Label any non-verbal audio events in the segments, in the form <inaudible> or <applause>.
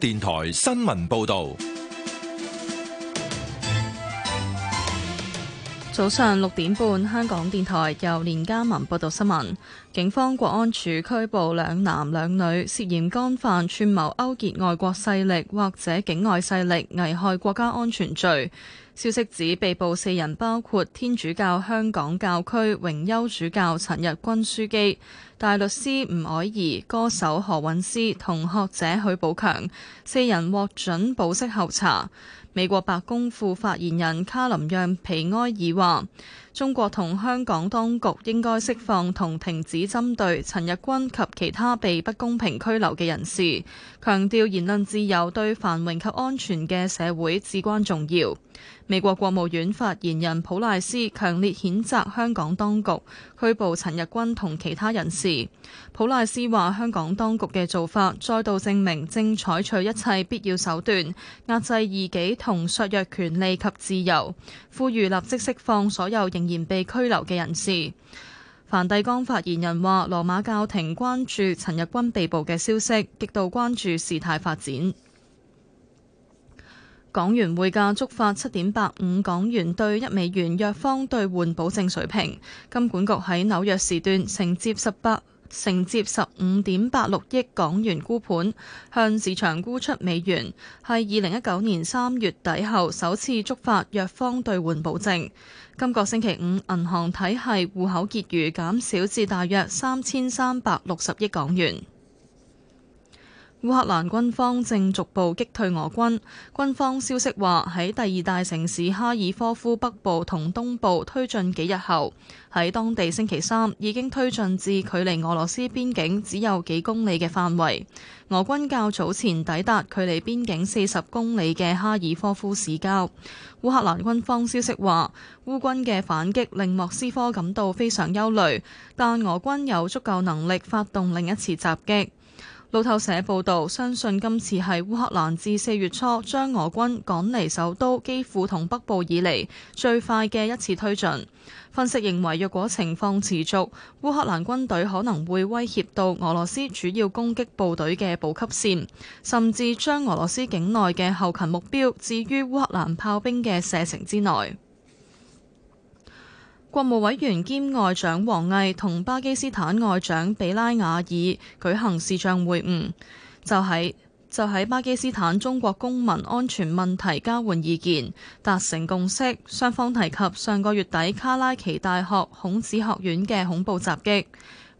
電台新聞報道：早上六點半，香港電台由連家文報道新聞。警方國安處拘捕兩男兩女，涉嫌干犯串謀勾結外國勢力或者境外勢力危害國家安全罪。消息指被捕四人包括天主教香港教區榮休主教陳日君樞機、大律師吳靄儀、歌手何韻詩同學者許寶強，四人獲准保釋候查。美國白宮副發言人卡林讓皮埃爾話。中國同香港當局應該釋放同停止針對陳日君及其他被不公平拘留嘅人士，強調言論自由對繁榮及安全嘅社會至關重要。美國國務院發言人普賴斯強烈譴責香港當局拘捕陳日君同其他人士。普賴斯話：香港當局嘅做法再度證明正採取一切必要手段壓制異己同削弱權利及自由，呼籲立即釋放所有認仍然被拘留嘅人士，梵蒂岡發言人話：羅馬教廷關注陳日君被捕嘅消息，極度關注事態發展。港元匯價觸發七點八五港元兌一美元弱方兌換保證水平。金管局喺紐約時段承接十八承接十五點八六億港元沽盤，向市場沽出美元，係二零一九年三月底後首次觸發弱方兌換保證。今個星期五，銀行體系戶口結餘減少至大約三千三百六十億港元。烏克蘭軍方正逐步擊退俄軍。軍方消息話，喺第二大城市哈爾科夫北部同東部推進幾日後，喺當地星期三已經推進至距離俄羅斯邊境只有幾公里嘅範圍。俄軍較早前抵達距離邊境四十公里嘅哈爾科夫市郊。烏克蘭軍方消息話，烏軍嘅反擊令莫斯科感到非常憂慮，但俄軍有足夠能力發動另一次襲擊。路透社報道，相信今次係烏克蘭自四月初將俄軍趕離首都基輔同北部以嚟最快嘅一次推進。分析認為，若果情況持續，烏克蘭軍隊可能會威脅到俄羅斯主要攻擊部隊嘅補給線，甚至將俄羅斯境內嘅後勤目標置於烏克蘭炮兵嘅射程之內。國務委員兼外長王毅同巴基斯坦外長比拉瓦爾舉行視像會晤，就喺、是、就喺、是、巴基斯坦中國公民安全問題交換意見，達成共識。雙方提及上個月底卡拉奇大學孔子學院嘅恐怖襲擊。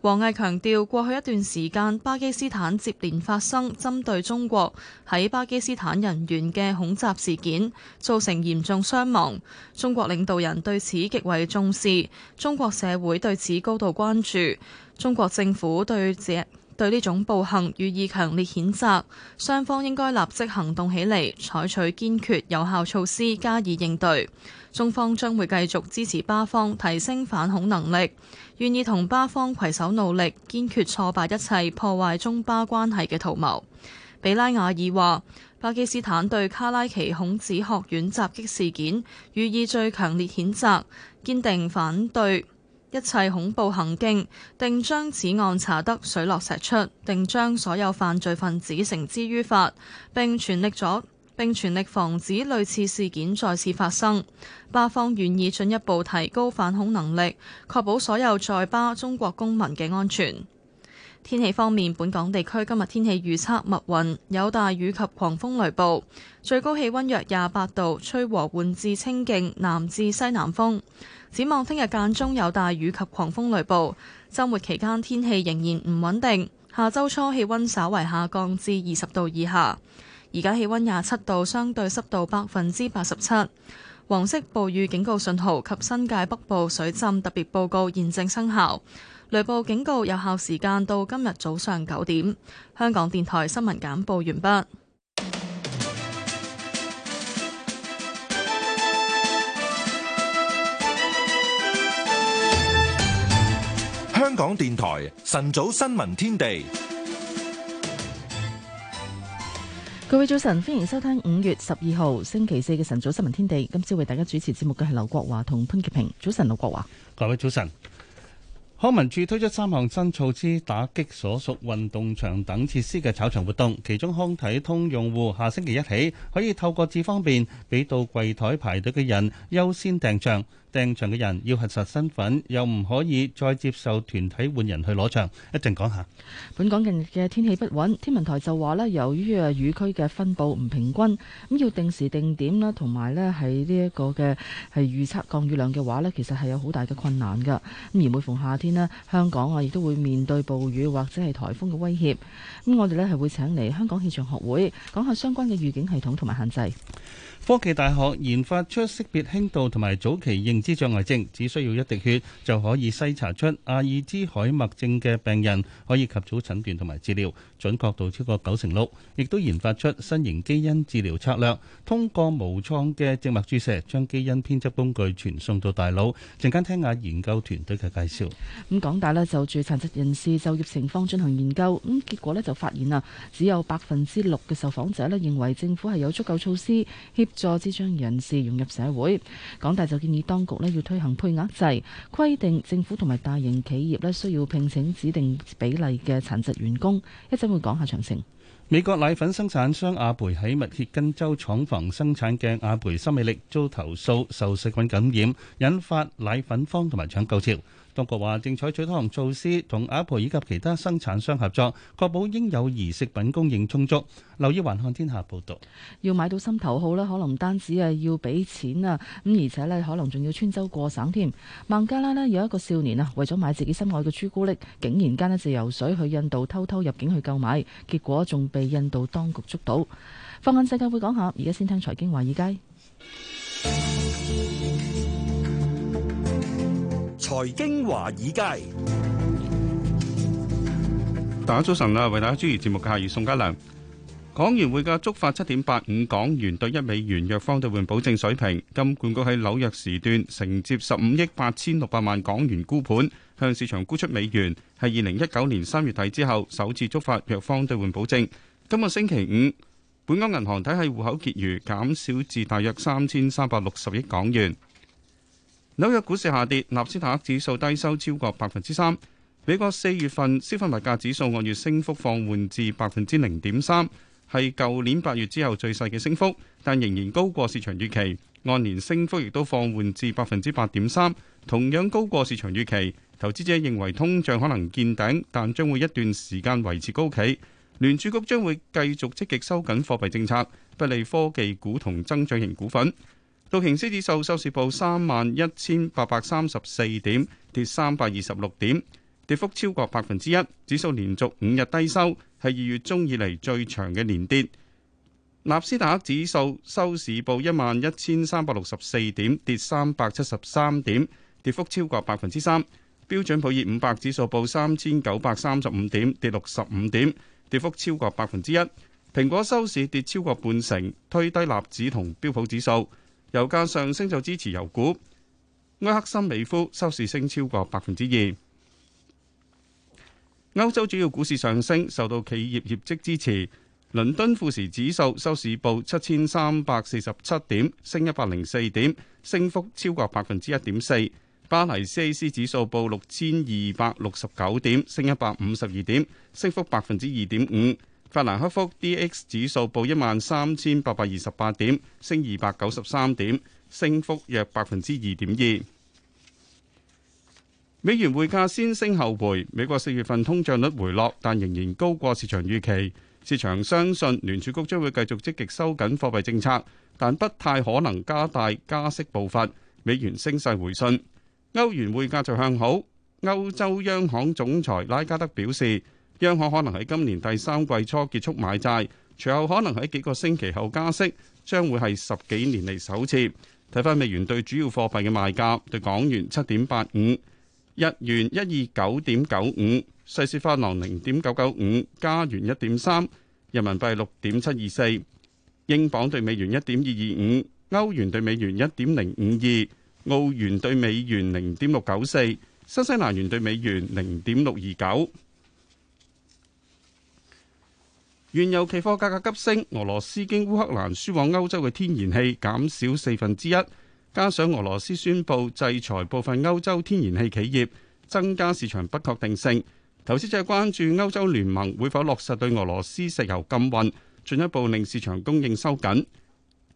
王毅強調，過去一段時間，巴基斯坦接連發生針對中國喺巴基斯坦人員嘅恐襲事件，造成嚴重傷亡。中國領導人對此極為重視，中國社會對此高度關注。中國政府對這對呢種暴行予以強烈譴責，雙方應該立即行動起嚟，採取堅決有效措施加以應對。中方將會繼續支持巴方提升反恐能力，願意同巴方攜手努力，堅決挫敗一切破壞中巴關係嘅圖謀。比拉瓦爾話：巴基斯坦對卡拉奇孔子學院襲擊事件予以最強烈譴責，堅定反對一切恐怖行徑，並將此案查得水落石出，並將所有犯罪分子繩之於法，並全力阻。並全力防止類似事件再次發生。巴方願意進一步提高反恐能力，確保所有在巴中國公民嘅安全。天氣方面，本港地區今日天氣預測密雲，有大雨及狂風雷暴，最高氣温約廿八度，吹和緩至清勁，南至西南風。展望聽日間中有大雨及狂風雷暴，週末期間天氣仍然唔穩定。下周初氣温稍為下降至二十度以下。而家氣溫廿七度，相對濕度百分之八十七。黃色暴雨警告信號及新界北部水浸特別報告現正生效。雷暴警告有效時間到今日早上九點，香港電台新聞簡報完畢。香港電台晨早新聞天地。各位早晨，歡迎收聽五月十二號星期四嘅晨早新聞天地。今朝為大家主持節目嘅係劉國華同潘潔平。早晨，劉國華。各位早晨。康文署推出三項新措施打擊所屬運動場等設施嘅炒場活動，其中康體通用戶下星期一起可以透過智方便，俾到櫃台排隊嘅人優先訂場。上場嘅人要核實身份，又唔可以再接受團體換人去攞場。一陣講下。本港近日嘅天氣不穩，天文台就話咧，由於啊雨區嘅分布唔平均，咁要定時定點啦，同埋咧係呢一個嘅係預測降雨量嘅話咧，其實係有好大嘅困難噶。咁而每逢夏天咧，香港啊亦都會面對暴雨或者係台風嘅威脅。咁我哋咧係會請嚟香港氣象學會講下相關嘅預警系統同埋限制。科技大學研發出識別輕度同埋早期認知障礙症只需要一滴血就可以篩查出阿爾茲海默症嘅病人，可以及早診斷同埋治療，準確度超過九成六。亦都研發出新型基因治療策略，通過無創嘅靜脈注射，將基因編輯工具傳送到大腦，陣間聽下研究團隊嘅介紹，咁港大咧就住殘疾人士就業情況進行研究，咁結果咧就發現啊，只有百分之六嘅受訪者咧認為政府係有足夠措施協助肢障人士融入社會。港大就建議當局。呢要推行配額制，規定政府同埋大型企業呢需要聘請指定比例嘅殘疾員工。講一陣會講下詳情。美國奶粉生產商雅培喺密歇根州廠房生產嘅雅培心美力遭投訴受細菌感染，引發奶粉荒同埋搶購潮。中國話正採取多項措施，同阿婆以及其他生產商合作，確保嬰幼兒食品供應充足。劉益環看天下報道，要買到心頭好咧，可能唔單止係要俾錢啊，咁而且咧可能仲要穿州過省添。孟加拉咧有一個少年啊，為咗買自己心愛嘅朱古力，竟然間咧就游水去印度偷偷入境去購買，結果仲被印度當局捉到。放眼世界會講下，而家先聽財經華爾街。 <music> 財經華爾街，大家早晨啦！為大家主持節目嘅係宋嘉良。港元匯價觸發七點八五港元兌一美元弱方兌換保證水平。金管局喺紐約時段承接十五億八千六百萬港元沽盤，向市場沽出美元，係二零一九年三月底之後首次觸發弱方兌換保證。今個星期五，本港銀行體系戶口結餘減少至大約三千三百六十億港元。紐約股市下跌，納斯達克指數低收超過百分之三。美國四月份消費物價指數按月升幅放緩至百分之零點三，係舊年八月之後最細嘅升幅，但仍然高過市場預期。按年升幅亦都放緩至百分之八點三，同樣高過市場預期。投資者認為通脹可能見頂，但將會一段時間維持高企。聯儲局將會繼續積極收緊貨幣政策，不利科技股同增長型股份。道瓊斯指數收市報三萬一千八百三十四點，跌三百二十六點，跌幅超過百分之一。指數連續五日低收，係二月中以嚟最長嘅連跌。納斯達克指數收市報一萬一千三百六十四點，跌三百七十三點，跌幅超過百分之三。標準普爾五百指數報三千九百三十五點，跌六十五點，跌幅超過百分之一。蘋果收市跌超過半成，推低納指同標普指數。油價上升就支持油股，埃克森美孚收市升超過百分之二。歐洲主要股市上升，受到企業業績支持。倫敦富時指數收市報七千三百四十七點，升一百零四點，升幅超過百分之一點四。巴黎 CAC 指數報六千二百六十九點，升一百五十二點，升幅百分之二點五。法蘭克福 DAX 指數報一萬三千八百二十八點，升二百九十三點，升幅約百分之二點二。美元匯價先升後回，美國四月份通脹率回落，但仍然高過市場預期。市場相信聯儲局將會繼續積極收緊貨幣政策，但不太可能加大加息步伐。美元升勢回順，歐元匯價就向好。歐洲央行總裁拉加德表示。央行可能喺今年第三季初結束買債，隨後可能喺幾個星期後加息，將會係十幾年嚟首次。睇翻美元對主要貨幣嘅賣價，對港元七點八五，日元一二九點九五，瑞士法郎零點九九五，加元一點三，人民幣六點七二四，英鎊對美元一點二二五，歐元對美元一點零五二，澳元對美元零點六九四，新西蘭元對美元零點六二九。原油期貨價格急升，俄羅斯經烏克蘭輸往歐洲嘅天然氣減少四分之一，加上俄羅斯宣佈制裁部分歐洲天然氣企業，增加市場不確定性。投資者關注歐洲聯盟會否落實對俄羅斯石油禁運，進一步令市場供應收緊。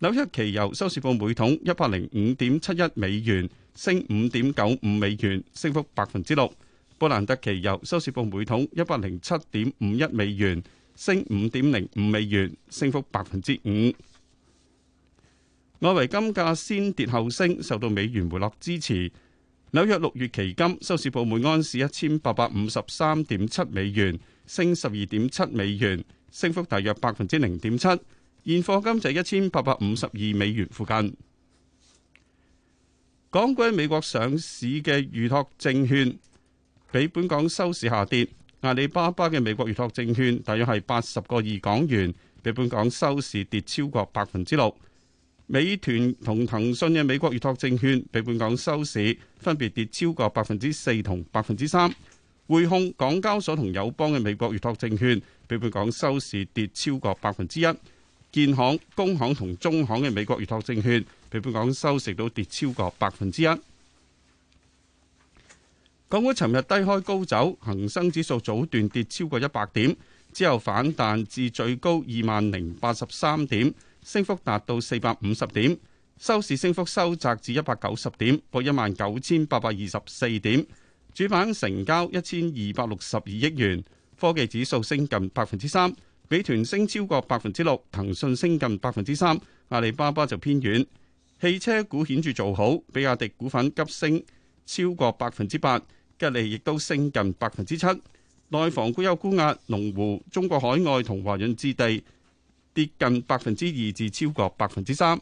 紐約期油收市報每桶一百零五點七一美元，升五點九五美元，升幅百分之六。布蘭特期油收市報每桶一百零七點五一美元。升五點零五美元，升幅百分之五。外圍金價先跌後升，受到美元回落支持。紐約六月期金收市報每安士一千八百五十三點七美元，升十二點七美元，升幅大約百分之零點七。現貨金就一千八百五十二美元附近。港股喺美國上市嘅預託證券，比本港收市下跌。阿里巴巴嘅美國預託證券大約係八十個二港元，比本港收市跌超過百分之六。美團同騰訊嘅美國預託證券比本港收市分別跌超過百分之四同百分之三。匯控、港交所同友邦嘅美國預託證券比本港收市跌超過百分之一。建行、工行同中行嘅美國預託證券比本港收市都跌超過百分之一。港股尋日低開高走，恒生指數早段跌超過一百點，之後反彈至最高二萬零八十三點，升幅達到四百五十點，收市升幅收窄至一百九十點，報一萬九千八百二十四點。主板成交一千二百六十二億元，科技指數升近百分之三，美團升超過百分之六，騰訊升近百分之三，阿里巴巴就偏軟。汽車股顯著做好，比亞迪股份急升超過百分之八。吉利亦都升近百分之七，內房股有沽壓，龍湖、中國海外同華潤置地跌近百分之二至超過百分之三。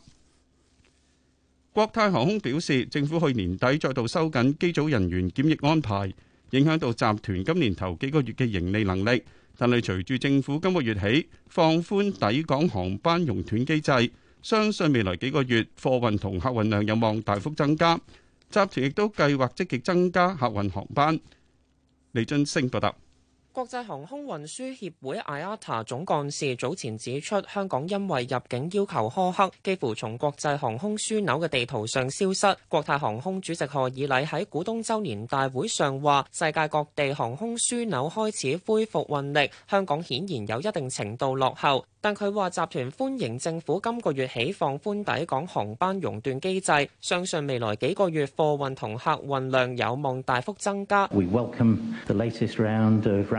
國泰航空表示，政府去年底再度收緊機組人員檢疫安排，影響到集團今年頭幾個月嘅盈利能力。但係隨住政府今個月起放寬抵港航班熔斷機制，相信未來幾個月貨運同客運量有望大幅增加。集團亦都計劃積極增加客運航班。李俊升報道。國際航空運輸協會 IATA 總幹事早前指出，香港因為入境要求苛刻，幾乎從國際航空樞紐嘅地圖上消失。國泰航空主席賀以禮喺股東周年大會上話，世界各地航空樞紐開始恢復運力，香港顯然有一定程度落後。但佢話集團歡迎政府今個月起放寬抵港航班熔斷機制，相信未來幾個月貨運同客運量有望大幅增加。We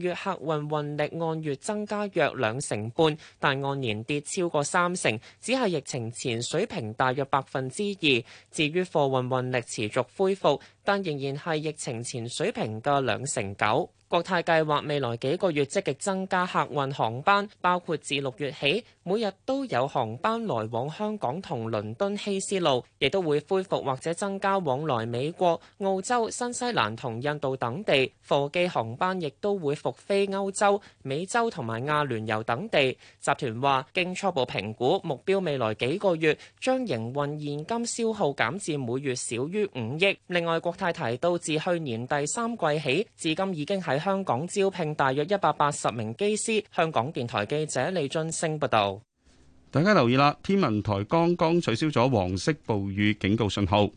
月客運運力按月增加約兩成半，但按年跌超過三成，只係疫情前水平大約百分之二。至於貨運運力持續恢復。但仍然係疫情前水平嘅兩成九。國泰計劃未來幾個月積極增加客運航班，包括自六月起每日都有航班來往香港同倫敦希斯路，亦都會恢復或者增加往來美國、澳洲、新西蘭同印度等地貨機航班，亦都會復飛歐洲、美洲同埋阿聯酋等地。集團話經初步評估，目標未來幾個月將營運現金消耗減至每月少於五億。另外，國泰提到，自去年第三季起，至今已經喺香港招聘大約一百八十名機師。香港電台記者李津星報道。大家留意啦，天文台剛剛取消咗黃色暴雨警告信號。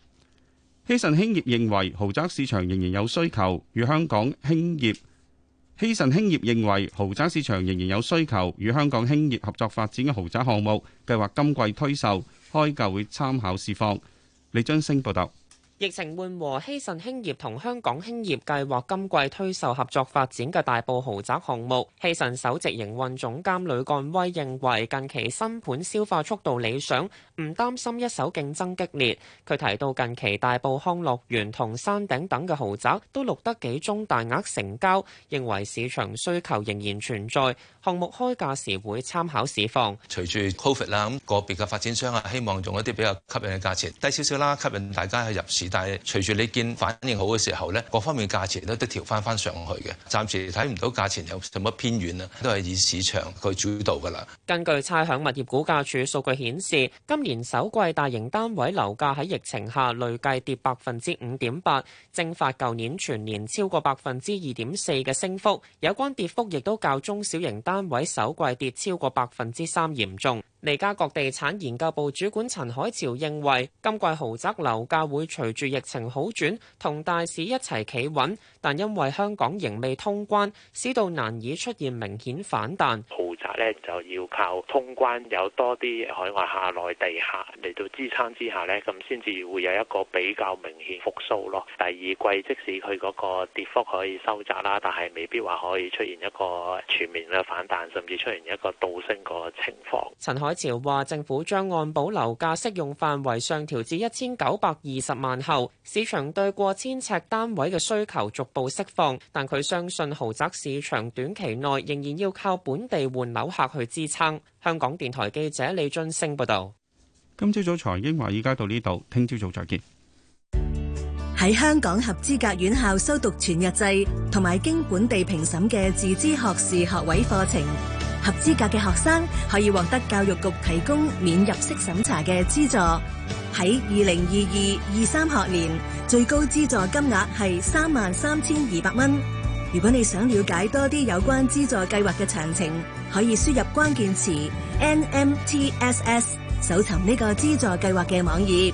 希慎興業認為豪宅市場仍然有需求，與香港興業希慎興業認為豪宅市場仍然有需求，與香港興業合作發展嘅豪宅項目計劃今季推售，開價會參考市況。李津星報道。疫情緩和，希慎興業同香港興業計劃今季推售合作發展嘅大埔豪宅項目。希慎首席營運總監呂幹威認為，近期新盤消化速度理想，唔擔心一手競爭激烈。佢提到近期大埔康樂園同山頂等嘅豪宅都錄得幾宗大額成交，認為市場需求仍然存在。項目開價時會參考市況。隨住 COVID 啦，咁個別嘅發展商啊，希望用一啲比較吸引嘅價錢，低少少啦，吸引大家去入市。但係隨住你見反應好嘅時候呢，各方面價錢都都調翻翻上去嘅。暫時睇唔到價錢有什麼偏遠啊，都係以市場去主導㗎啦。根據差餉物業估價署數據顯示，今年首季大型單位樓價喺疫情下累計跌百分之五點八。蒸發舊年全年超過百分之二點四嘅升幅，有關跌幅亦都較中小型單位首季跌超過百分之三嚴重。利嘉閣地產研究部主管陳海潮認為，今季豪宅樓價會隨住疫情好轉，同大市一齊企穩，但因為香港仍未通關，使到難以出現明顯反彈。豪宅呢就要靠通關有多啲海外下內地客嚟到支撐之下呢，咁先至會有一個比較明顯復甦咯。第二。而貴，即使佢嗰個跌幅可以收窄啦，但係未必話可以出現一個全面嘅反彈，甚至出現一個倒升個情況。陳海潮話：政府將按保樓價適用範圍上調至一千九百二十萬後，市場對過千尺單位嘅需求逐步釋放，但佢相信豪宅市場短期內仍然要靠本地換樓客去支撐。香港電台記者李俊升報導。今朝早財經華爾街到呢度，聽朝早再見。喺香港合資格院校修讀全日制同埋經本地評審嘅自資學士學位課程，合資格嘅學生可以獲得教育局提供免入息審查嘅資助。喺二零二二二三學年，最高資助金額係三萬三千二百蚊。如果你想了解多啲有關資助計劃嘅詳情，可以輸入關鍵詞 NMTSS，搜尋呢個資助計劃嘅網頁。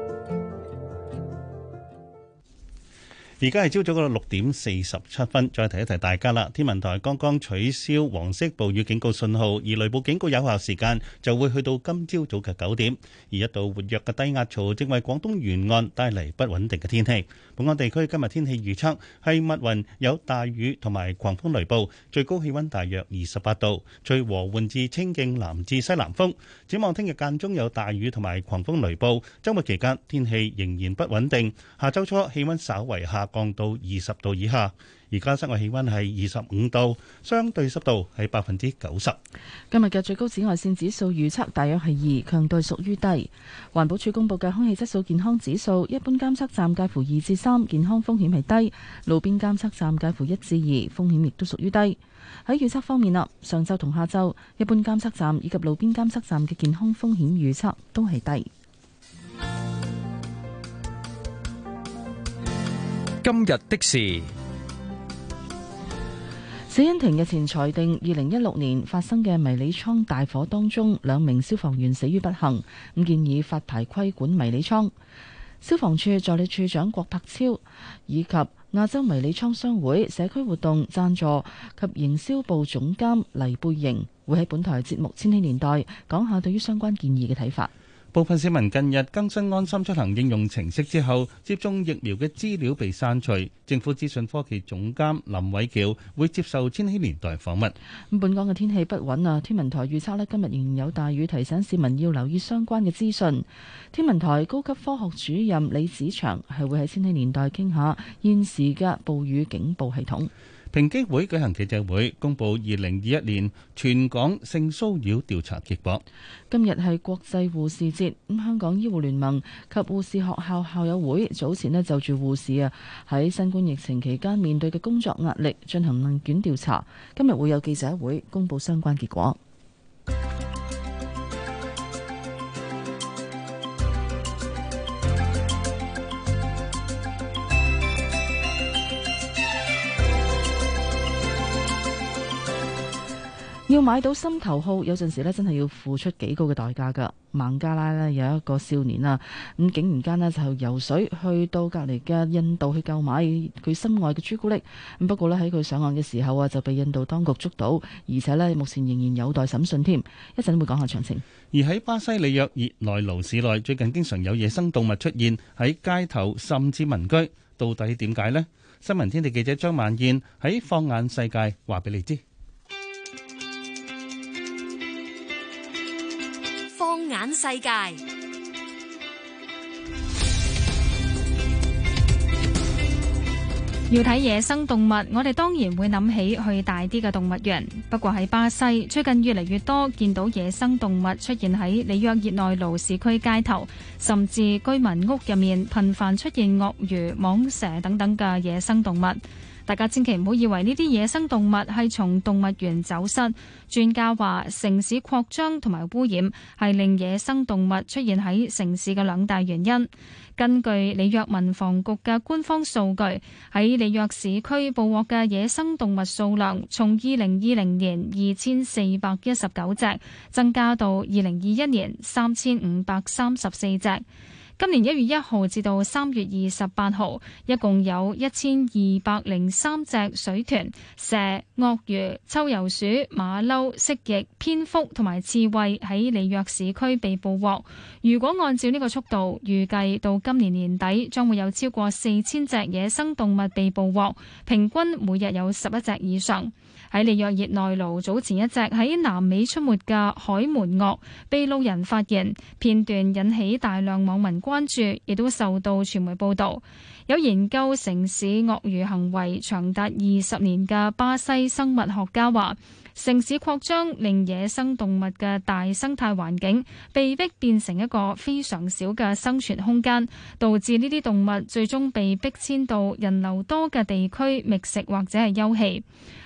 而家係朝早嘅六點四十七分，再提一提大家啦。天文台剛剛取消黃色暴雨警告信號，而雷暴警告有效時間就會去到今朝早嘅九點。而一道活躍嘅低壓槽正為廣東沿岸帶嚟不穩定嘅天氣。本港地區今日天氣預測係密雲有大雨同埋狂風雷暴，最高氣溫大約二十八度，吹和緩至清勁南至西南風。展望聽日間中有大雨同埋狂風雷暴，週末期間天氣仍然不穩定。下週初氣溫稍為下。降到二十度以下，而家室外氣溫係二十五度，相對濕度係百分之九十。今日嘅最高紫外線指數預測大約係二，強度屬於低。環保署公布嘅空氣質素健康指數，一般監測站介乎二至三，健康風險係低；路邊監測站介乎一至二，風險亦都屬於低。喺預測方面啦，上晝同下晝，一般監測站以及路邊監測站嘅健康風險預測都係低。今日的事，死因庭日前裁定，二零一六年發生嘅迷你倉大火當中，兩名消防員死於不幸，咁建議發牌規管迷你倉。消防處助理處長郭柏超以及亞洲迷你倉商會社區活動贊助及營銷部總監黎貝瑩會喺本台節目《千禧年代》講下對於相關建議嘅睇法。部分市民近日更新安心出行應用程式之後，接種疫苗嘅資料被刪除。政府資訊科技總監林偉喬會接受千禧年代訪問。本港嘅天氣不穩啊，天文台預測呢，今日仍有大雨，提醒市民要留意相關嘅資訊。天文台高級科學主任李子祥係會喺千禧年代傾下現時嘅暴雨警報系統。平機會舉行記者會，公佈二零二一年全港性騷擾調查結果。今日係國際護士節，咁香港醫護聯盟及護士學校校友會早前咧就住護士啊喺新冠疫情期間面對嘅工作壓力進行問卷調查，今日會有記者會公佈相關結果。要買到心頭好，有陣時咧真係要付出幾高嘅代價噶。孟加拉咧有一個少年啊，咁竟然間咧就游水去到隔籬嘅印度去購買佢心愛嘅朱古力，咁不過咧喺佢上岸嘅時候啊，就被印度當局捉到，而且咧目前仍然有待審訊添。講一陣會講下詳情。而喺巴西里約熱內盧市內，最近經常有野生動物出現喺街頭，甚至民居，到底點解呢？新聞天地記者張萬燕喺放眼世界話俾你知。眼世界要睇野生動物，我哋當然會諗起去大啲嘅動物園。不過喺巴西，最近越嚟越多見到野生動物出現喺里約熱內盧市區街頭，甚至居民屋入面，頻繁出現鱷魚、蟒蛇等等嘅野生動物。大家千祈唔好以為呢啲野生動物係從動物園走失。專家話，城市擴張同埋污染係令野生動物出現喺城市嘅兩大原因。根據里約民防局嘅官方數據，喺里約市區捕獲嘅野生動物數量，從二零二零年二千四百一十九隻，增加到二零二一年三千五百三十四隻。今年一月一號至到三月二十八號，一共有一千二百零三隻水豚、蛇、鱷魚、秋游鼠、馬騮、蜥蜴、蝙蝠同埋刺猬喺里約市區被捕獲。如果按照呢個速度，預計到今年年底將會有超過四千隻野生動物被捕獲，平均每日有十一隻以上。喺里約熱內盧，早前一隻喺南美出沒嘅海門鱷被路人發現，片段引起大量網民關注，亦都受到傳媒報道。有研究城市鱷魚行為長達二十年嘅巴西生物學家話，城市擴張令野生動物嘅大生態環境被迫變成一個非常小嘅生存空間，導致呢啲動物最終被迫遷到人流多嘅地區覓食或者係休憩。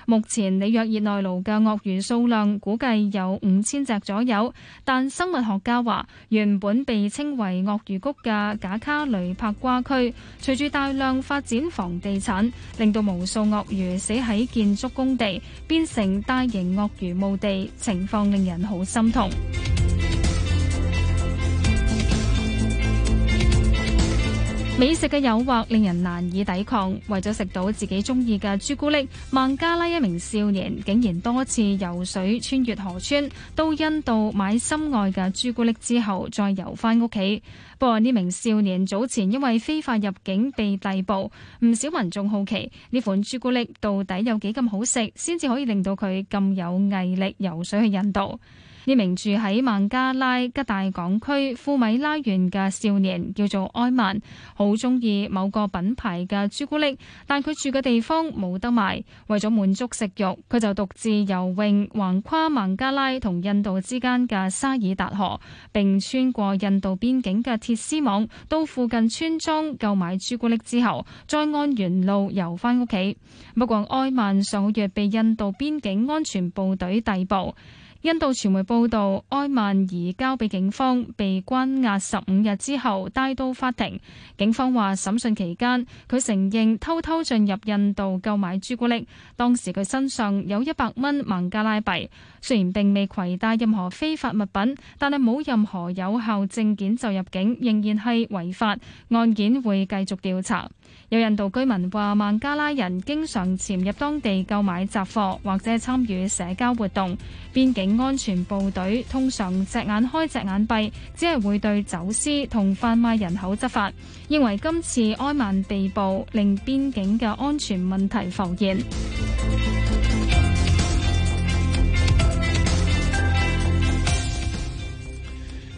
目前里約熱內盧嘅鱷魚數量估計有五千隻左右，但生物學家話，原本被稱為鱷魚谷嘅賈卡雷帕瓜區，隨住大量發展房地產，令到無數鱷魚死喺建築工地，變成大型鱷魚墓地，情況令人好心痛。美食嘅誘惑令人難以抵抗，為咗食到自己中意嘅朱古力，孟加拉一名少年竟然多次游水穿越河川，到印度買心愛嘅朱古力之後再游翻屋企。不過呢名少年早前因為非法入境被逮捕，唔少民眾好奇呢款朱古力到底有幾咁好食，先至可以令到佢咁有毅力游水去印度。呢名住喺孟加拉吉大港區富米拉縣嘅少年叫做埃曼，好中意某個品牌嘅朱古力，但佢住嘅地方冇得賣，為咗滿足食欲，佢就獨自游泳橫跨孟加拉同印度之間嘅沙爾達河，並穿過印度邊境嘅鐵絲網到附近村莊購買朱古力之後再按原路游翻屋企。不過埃曼上個月被印度邊境安全部隊逮捕。印度傳媒報道，埃曼移交俾警方，被關押十五日之後，帶到法庭。警方話審訊期間，佢承認偷偷進入印度購買朱古力，當時佢身上有一百蚊孟加拉幣。雖然並未攜帶任何非法物品，但係冇任何有效證件就入境，仍然係違法。案件會繼續調查。有印度居民話，孟加拉人經常潛入當地購買雜貨或者參與社交活動。邊境安全部隊通常隻眼開隻眼閉，只係會對走私同販賣人口執法。認為今次埃曼被捕，令邊境嘅安全問題浮現。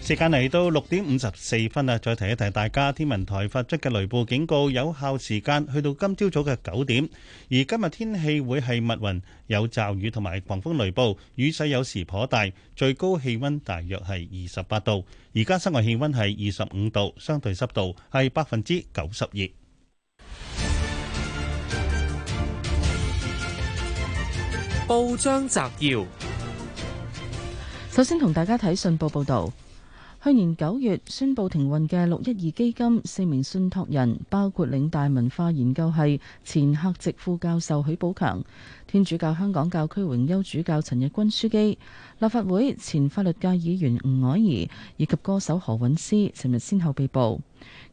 時間嚟到六點五十四分啦，再提一提大家天文台發出嘅雷暴警告，有效時間去到今朝早嘅九點。而今日天氣會係密雲有驟雨同埋狂風雷暴，雨勢有時頗大，最高氣溫大約係二十八度。而家室外氣溫係二十五度，相對濕度係百分之九十二。報章摘要：首先同大家睇信報報道。去年九月宣布停運嘅六一二基金四名信託人，包括領大文化研究系前客席副教授許寶強、天主教香港教區榮休主教陳日君樞機、立法會前法律界議員吳靄儀以及歌手何韻詩，尋日先後被捕。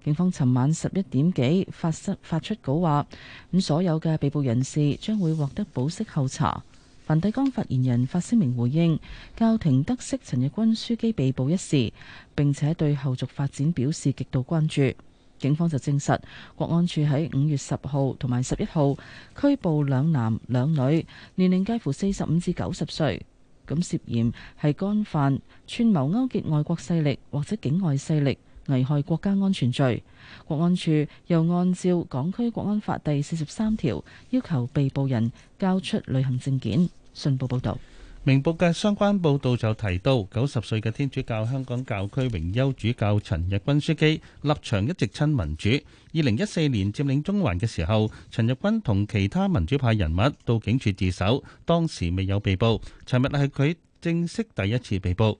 警方尋晚十一點幾發失發出稿話，咁所有嘅被捕人士將會獲得保釋候查。梵蒂岡發言人發聲明回應，教廷得悉陳日君樞機被捕一事，並且對後續發展表示極度關注。警方就證實，國安處喺五月十號同埋十一號拘捕兩男兩女，年齡介乎四十五至九十歲，咁涉嫌係干犯串謀勾結外國勢力或者境外勢力。危害國家安全罪，國安處又按照《港區國安法》第四十三條要求被捕人交出旅行證件。信報報道，明報嘅相關報道就提到，九十歲嘅天主教香港教區榮休主教陳日君樞機立場一直親民主，二零一四年佔領中環嘅時候，陳日君同其他民主派人物到警署自首，當時未有被捕。尋日係佢正式第一次被捕。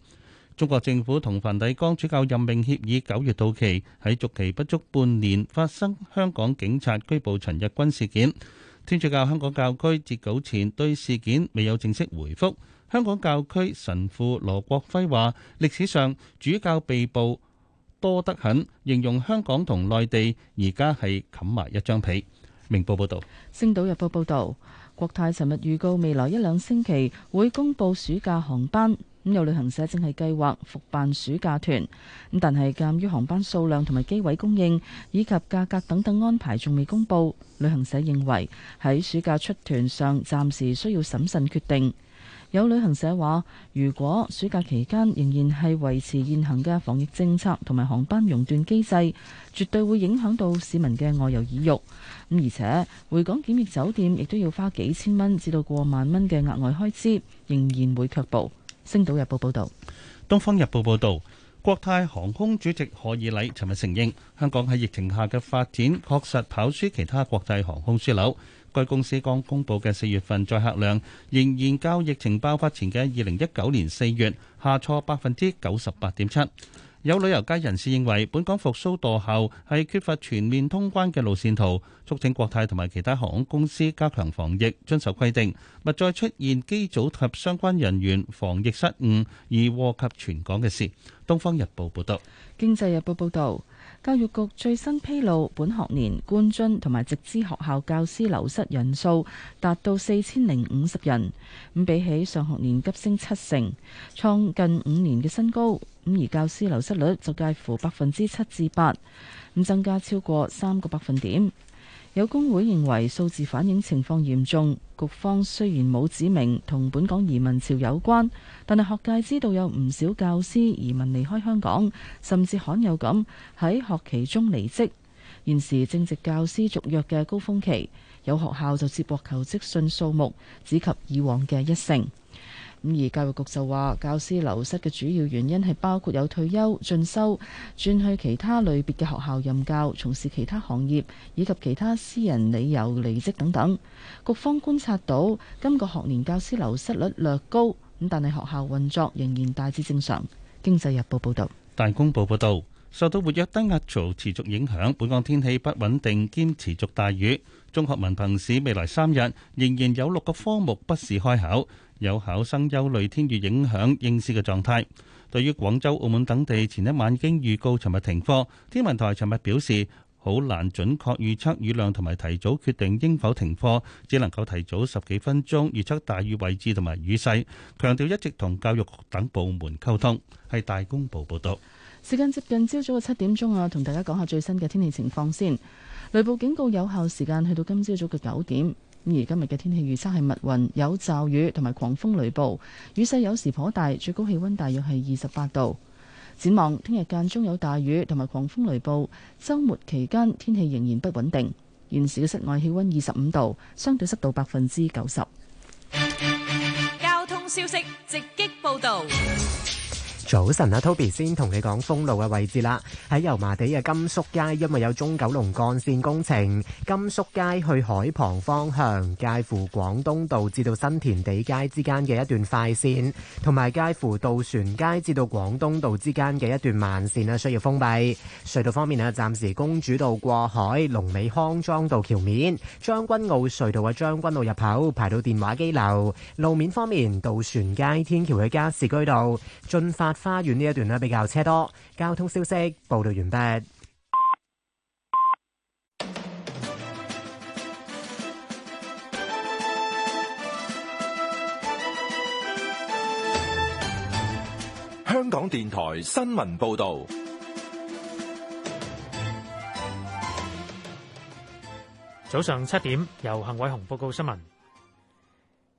中國政府同梵蒂岡主教任命協議九月到期，喺續期不足半年，發生香港警察拘捕陳日君事件。天主教香港教區截稿前對事件未有正式回覆。香港教區神父羅國輝話，歷史上主教被捕多得很，形容香港同內地而家係冚埋一張被。明報報道，《星島日報》報道，國泰尋日預告未來一兩星期會公布暑假航班。咁有旅行社正係計劃復辦暑假團，咁但係，鑑於航班數量同埋機位供應以及價格等等安排，仲未公布。旅行社認為喺暑假出團上，暫時需要審慎決，決定。有旅行社話，如果暑假期間仍然係維持現行嘅防疫政策同埋航班熔斷機制，絕對會影響到市民嘅外遊意欲。咁而且，回港檢疫酒店亦都要花幾千蚊至到過萬蚊嘅額外開支，仍然會卻步。星島日報報道，東方日報報道，國泰航空主席賀以禮尋日承認，香港喺疫情下嘅發展確實跑輸其他國際航空樞紐。該公司剛公布嘅四月份載客量，仍然較疫情爆發前嘅二零一九年四月下挫百分之九十八點七。有旅遊界人士認為，本港復甦墜後係缺乏全面通關嘅路線圖，促請國泰同埋其他航空公司加強防疫，遵守規定，勿再出現機組及相關人員防疫失誤而禍及全港嘅事。《東方日報》報道。《經濟日報》報導。教育局最新披露，本學年官津同埋直資學校教師流失人數達到四千零五十人，咁比起上學年急升七成，創近五年嘅新高，咁而教師流失率就介乎百分之七至八，咁增加超過三個百分點。有工會認為數字反映情況嚴重，局方雖然冇指明同本港移民潮有關，但係學界知道有唔少教師移民離開香港，甚至罕有咁喺學期中離職。現時正值教師續約嘅高峰期，有學校就接獲求職信數目，只及以往嘅一成。咁而教育局就話，教師流失嘅主要原因係包括有退休、進修、轉去其他類別嘅學校任教、從事其他行業以及其他私人理由離職等等。局方觀察到今個學年教師流失率略高，咁但係學校運作仍然大致正常。經濟日報報道，大公報報道，受到活躍低壓槽持續影響，本港天氣不穩定，兼持續大雨。中學文憑試未來三日仍然有六個科目不時開考，有考生憂慮天雨影響應試嘅狀態。對於廣州、澳門等地前一晚已經預告尋日停課，天文台尋日表示好難準確預測雨量同埋提早決定應否停課，只能夠提早十幾分鐘預測大雨位置同埋雨勢，強調一直同教育局等部門溝通。係大公報報道。時間接近朝早嘅七點鐘啊，同大家講下最新嘅天氣情況先。雷暴警告有效時間去到今朝早嘅九點，而今日嘅天氣預測係密雲有驟雨同埋狂風雷暴，雨勢有時頗大，最高氣溫大約係二十八度。展望聽日間中有大雨同埋狂風雷暴，周末期間天氣仍然不穩定。現時嘅室外氣溫二十五度，相對濕度百分之九十。交通消息直擊報道。早晨啊，Toby 先同你講封路嘅位置啦。喺油麻地嘅甘肅街，因為有中九龍幹線工程，甘肅街去海傍方向，介乎廣東道至到新田地街之間嘅一段快線，同埋介乎渡船街至到廣東道之間嘅一段慢線啊需要封閉。隧道方面呢，暫時公主道過海、龍尾康莊道橋面、將軍澳隧道嘅將軍澳入口排到電話機樓。路面方面，渡船街天橋嘅加士居道、駿發。花園呢一段咧，比較車多，交通消息報道完畢。香港電台新聞報道，早上七點由幸偉雄報告新聞。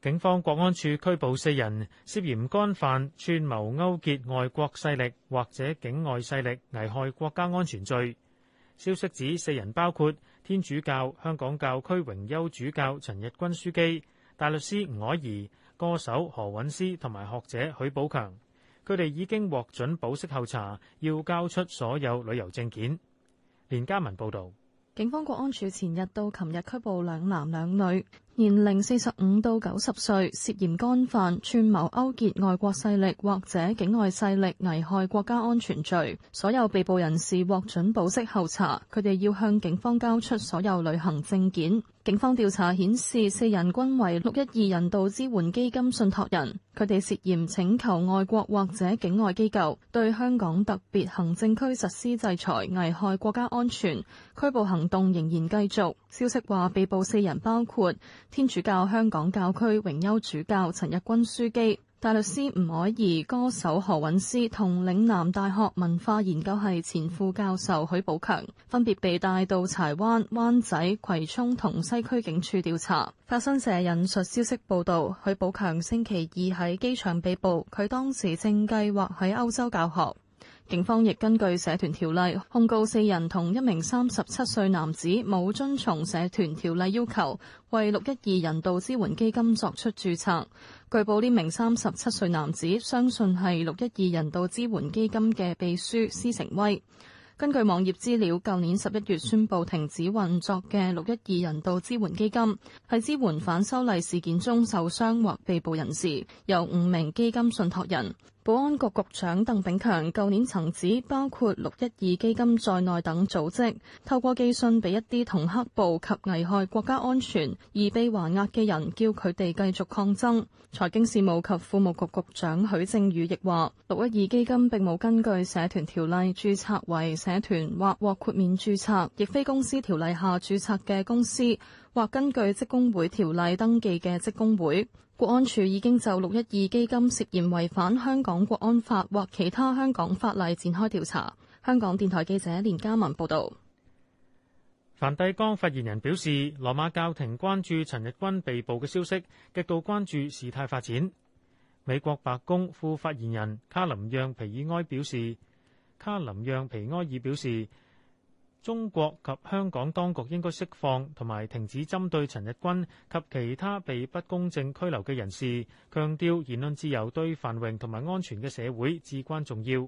警方國安處拘捕四人，涉嫌干犯串謀勾結外國勢力或者境外勢力危害國家安全罪。消息指四人包括天主教香港教區榮休主教陳日君樞機、大律師吳靄儀、歌手何韻詩同埋學者許寶強。佢哋已經獲准保釋候查，要交出所有旅遊證件。連家文報道，警方國安處前日到琴日拘捕兩男兩女。年齡四十五到九十歲，涉嫌干犯串謀勾結外國勢力或者境外勢力危害國家安全罪。所有被捕人士獲准保釋候查，佢哋要向警方交出所有旅行證件。警方調查顯示，四人均為六一二人道支援基金信託人，佢哋涉嫌請求外國或者境外機構對香港特別行政區實施制裁，危害國家安全。拘捕行動仍然繼續。消息話，被捕四人包括天主教香港教區榮休主教陳日君樞機、大律師吳靄儀、歌手何韻詩同嶺南大學文化研究系前副教授許寶強，分別被帶到柴灣、灣仔、葵涌同西區警署調查。法新社引述消息報道，許寶強星期二喺機場被捕，佢當時正計劃喺歐洲教學。警方亦根據社團條例控告四人同一名三十七歲男子冇遵從社團條例要求，為六一二人道支援基金作出註冊。據報呢名三十七歲男子相信係六一二人道支援基金嘅秘書施成威。根據網頁資料，舊年十一月宣布停止運作嘅六一二人道支援基金，喺支援反修例事件中受傷或被捕人士，有五名基金信託人。保安局局長鄧炳強舊年曾指，包括六一二基金在內等組織，透過寄信俾一啲同黑暴及危害國家安全、而被還押嘅人，叫佢哋繼續抗爭。財經事務及庫務局局長許正宇亦話，六一二基金並冇根據社團條例注冊為社團或獲豁免注冊，亦非公司條例下注冊嘅公司，或根據職工會條例登記嘅職工會。國安處已經就六一二基金涉嫌違反香港國安法或其他香港法例展開調查。香港電台記者連嘉文報道。梵蒂岡發言人表示，羅馬教廷關注陳日君被捕嘅消息，極度關注事態發展。美國白宮副發言人卡林讓皮爾埃表示，卡林讓皮埃爾表示。中國及香港當局應該釋放同埋停止針對陳日君及其他被不公正拘留嘅人士，強調言論自由對繁榮同埋安全嘅社會至關重要。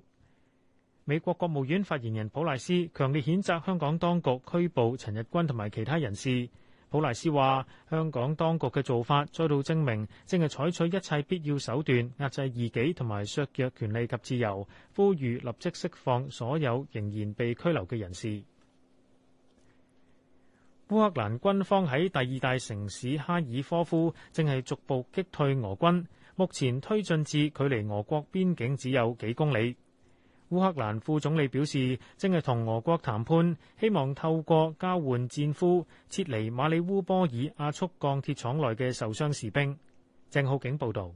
美國國務院發言人普賴斯強烈譴責香港當局拘捕陳日君同埋其他人士。普賴斯話：香港當局嘅做法再度證明正係採取一切必要手段壓制異己同埋削弱權利及自由，呼籲立即釋放所有仍然被拘留嘅人士。烏克蘭軍方喺第二大城市哈爾科夫正係逐步擊退俄軍，目前推進至距離俄國邊境只有幾公里。烏克蘭副總理表示，正係同俄國談判，希望透過交換戰俘撤離馬里烏波爾亞速鋼鐵廠內嘅受傷士兵。鄭浩景報導。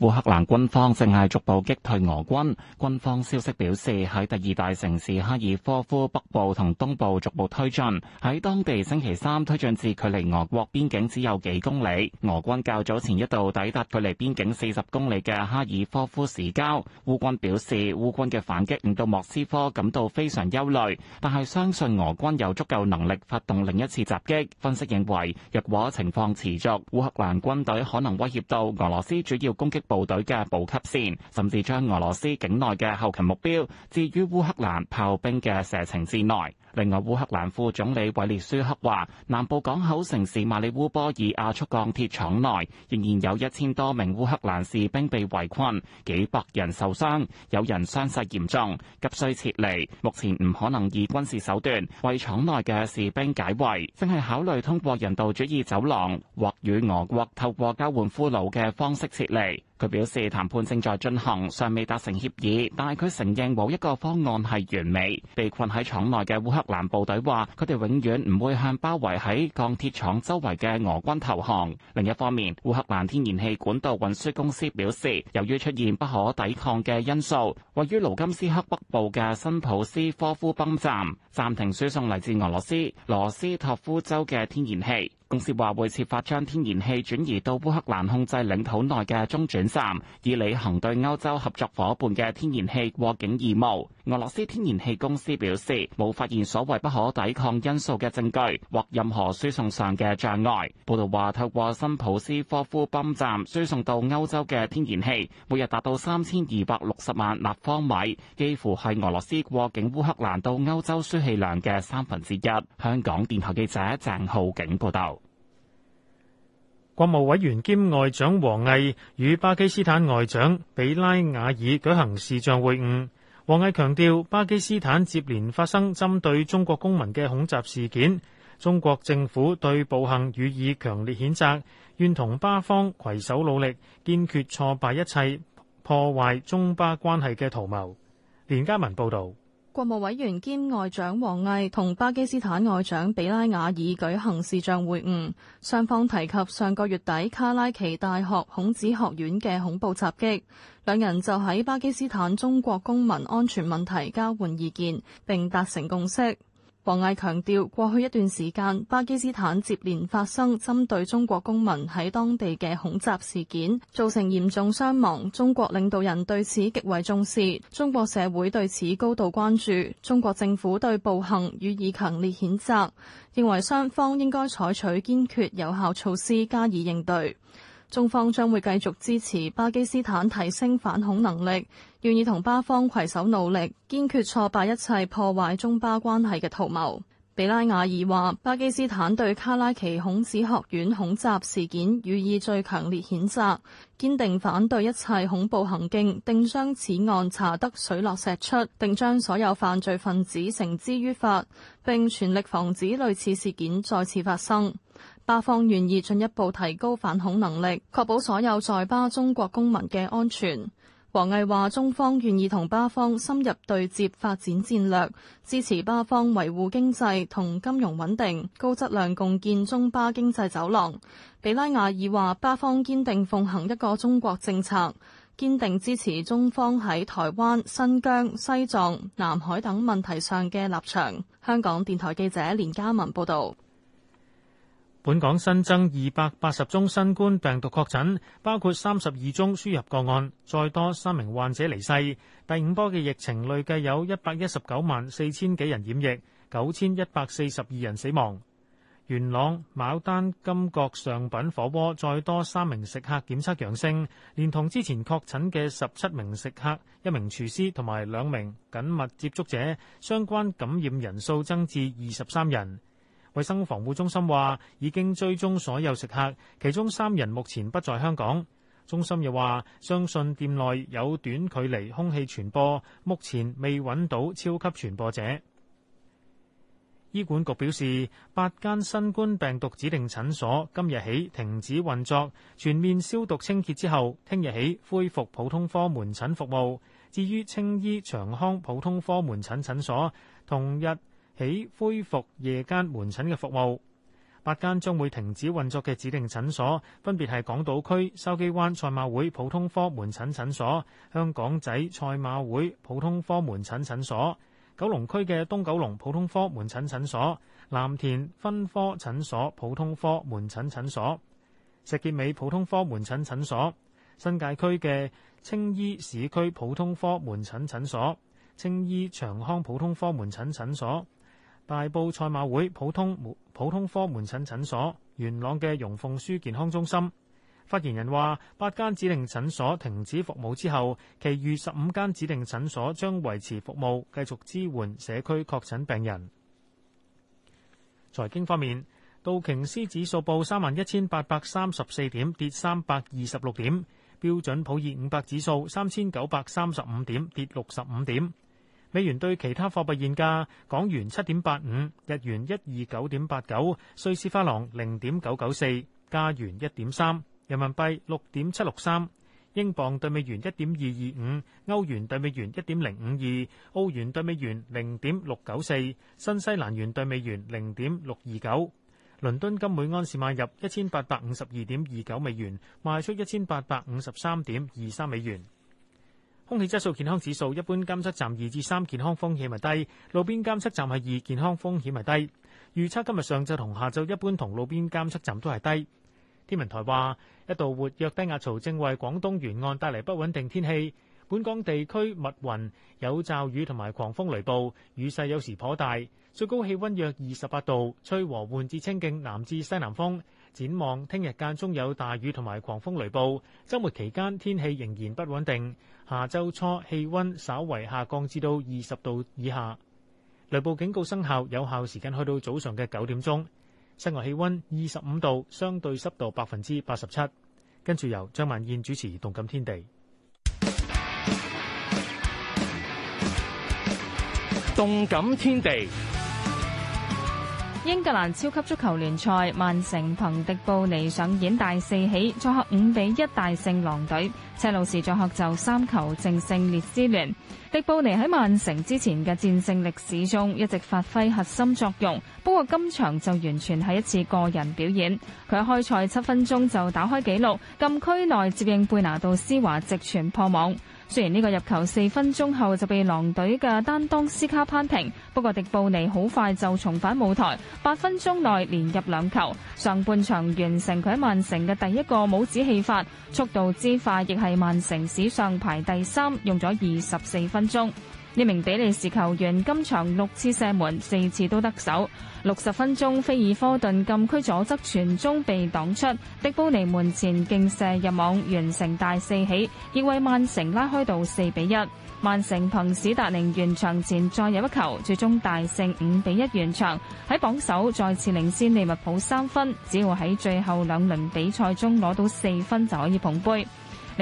烏克蘭軍方正係逐步擊退俄軍。軍方消息表示，喺第二大城市哈爾科夫北部同東部逐步推進，喺當地星期三推進至距離俄國邊境只有幾公里。俄軍較早前一度抵達距離邊境四十公里嘅哈爾科夫市郊。烏軍表示，烏軍嘅反擊令到莫斯科感到非常憂慮，但係相信俄軍有足夠能力發動另一次襲擊。分析認為，若果情況持續，烏克蘭軍隊可能威脅到俄羅斯主要攻擊部隊嘅補給線，甚至將俄羅斯境內嘅後勤目標置於烏克蘭炮兵嘅射程之內。另外，烏克蘭副總理韋列舒克話，南部港口城市馬里烏波爾亞速鋼鐵廠內仍然有一千多名烏克蘭士兵被圍困，幾百人受傷，有人傷勢嚴重，急需撤離。目前唔可能以軍事手段為廠內嘅士兵解圍，正係考慮通過人道主義走廊或與俄國透過交換俘虜嘅方式撤離。佢表示談判正在進行，尚未達成協議，但係佢承認冇一個方案係完美。被困喺廠內嘅烏克蘭部隊話佢哋永遠唔會向包圍喺鋼鐵廠周圍嘅俄軍投降。另一方面，烏克蘭天然氣管道運輸公司表示，由於出現不可抵抗嘅因素，位於盧金斯克北部嘅新普斯科夫泵站暫停輸送嚟自俄羅斯羅斯托夫州嘅天然氣。公司話會設法將天然氣轉移到烏克蘭控制領土內嘅中轉站，以履行對歐洲合作伙伴嘅天然氣過境義務。俄羅斯天然氣公司表示，冇發現所謂不可抵抗因素嘅證據或任何輸送上嘅障礙。報道話，透過新普斯科夫泵站輸送到歐洲嘅天然氣，每日達到三千二百六十萬立方米，幾乎係俄羅斯過境烏克蘭到歐洲輸氣量嘅三分之一。香港電台記者鄭浩景報道。國務委員兼外長王毅與巴基斯坦外長比拉瓦爾舉行視像會晤。王毅強調，巴基斯坦接連發生針對中國公民嘅恐襲事件，中國政府對暴行予以強烈譴責，願同巴方攜手努力，堅決挫敗一切破壞中巴關係嘅圖謀。連加文報道。國務委員兼外長王毅同巴基斯坦外長比拉瓦爾舉行視像會晤，雙方提及上個月底卡拉奇大學孔子學院嘅恐怖襲擊，兩人就喺巴基斯坦中國公民安全問題交換意見，並達成共識。王毅強調，過去一段時間，巴基斯坦接連發生針對中國公民喺當地嘅恐襲事件，造成嚴重傷亡。中國領導人對此極為重視，中國社會對此高度關注。中國政府對暴行予以強烈譴責，認為雙方應該採取堅決有效措施加以應對。中方將會繼續支持巴基斯坦提升反恐能力，願意同巴方攜手努力，堅決挫敗一切破壞中巴關係嘅圖謀。比拉瓦爾話：巴基斯坦對卡拉奇孔子學院恐襲事件予以最強烈譴責，堅定反對一切恐怖行徑，並將此案查得水落石出，並將所有犯罪分子繩之於法，並全力防止類似事件再次發生。巴方願意進一步提高反恐能力，確保所有在巴中國公民嘅安全。王毅話：中方願意同巴方深入對接，發展戰略，支持巴方維護經濟同金融穩定，高質量共建中巴經濟走廊。比拉雅爾話：巴方堅定奉行一個中國政策，堅定支持中方喺台灣、新疆、西藏、南海等問題上嘅立場。香港電台記者連嘉文報導。本港新增二百八十宗新冠病毒確診，包括三十二宗輸入個案，再多三名患者離世。第五波嘅疫情累計有一百一十九萬四千幾人染疫，九千一百四十二人死亡。元朗牡丹金閣、上品火鍋再多三名食客檢測陽性，連同之前確診嘅十七名食客、一名廚師同埋兩名緊密接觸者，相關感染人數增至二十三人。衛生防護中心話已經追蹤所有食客，其中三人目前不在香港。中心又話相信店內有短距離空氣傳播，目前未揾到超級傳播者。醫管局表示，八間新冠病毒指定診所今日起停止運作，全面消毒清潔之後，聽日起恢復普通科門診服務。至於青衣長康普通科門診診所，同日起恢復夜間門診嘅服務，八間將會停止運作嘅指定診所分別係港島區筲箕灣賽馬會普通科門診診所、香港仔賽馬會普通科門診診所、九龍區嘅東九龍普通科門診診所、藍田分科診所普通科門診診所、石硤尾普通科門診診所、新界區嘅青衣市區普通科門診診所、青衣長康普通科門診診所。大埔賽馬會普通門普通科門診診所、元朗嘅容鳳書健康中心，發言人話：八間指定診所停止服務之後，其餘十五間指定診所將維持服務，繼續支援社區確診病人。財經方面，道瓊斯指數報三萬一千八百三十四點，跌三百二十六點；標準普爾五百指數三千九百三十五點，跌六十五點。美元兌其他貨幣現價：港元七點八五，日元一二九點八九，瑞士法郎零點九九四，加元一點三，人民幣六點七六三，英鎊對美元一點二二五，歐元對美元一點零五二，澳元對美元零點六九四，新西蘭元對美元零點六二九。倫敦金每盎司買入一千八百五十二點二九美元，賣出一千八百五十三點二三美元。空氣質素健康指數一般監測站二至三，健康風險係低；路邊監測站係二，健康風險係低。預測今日上晝同下晝一般，同路邊監測站都係低。天文台話，一度活躍低壓槽正為廣東沿岸帶嚟不穩定天氣，本港地區密雲有驟雨同埋狂風雷暴，雨勢有時頗大，最高氣温約二十八度，吹和緩至清勁南至西南風。展望聽日間中有大雨同埋狂風雷暴，週末期間天氣仍然不穩定。下周初氣溫稍為下降至到二十度以下，雷暴警告生效，有效時間去到早上嘅九點鐘。室外氣溫二十五度，相對濕度百分之八十七。跟住由張曼燕主持《動感天地》。動感天地。英格蘭超級足球聯賽，曼城憑迪布尼上演大四喜，作客五比一大勝狼隊。車路士作客就三球正勝列斯聯。迪布尼喺曼城之前嘅戰勝歷史中一直發揮核心作用，不過今場就完全係一次個人表演。佢開賽七分鐘就打開紀錄，禁區內接應貝拿度斯華直傳破網。雖然呢個入球四分鐘後就被狼隊嘅丹當斯卡扳平，不過迪布尼好快就重返舞台，八分鐘內連入兩球，上半場完成佢喺曼城嘅第一個帽子戲法，速度之快亦係曼城史上排第三，用咗二十四分鐘。呢名比利時球員今場六次射門，四次都得手，六十分鐘，菲爾科頓禁區左側傳中被擋出，迪布尼門前勁射入網，完成大四喜，亦為曼城拉開到四比一。曼城憑史達寧完場前再入一球，最終大勝五比一完場，喺榜首再次領先利物浦三分，只要喺最後兩輪比賽中攞到四分就可以捧杯。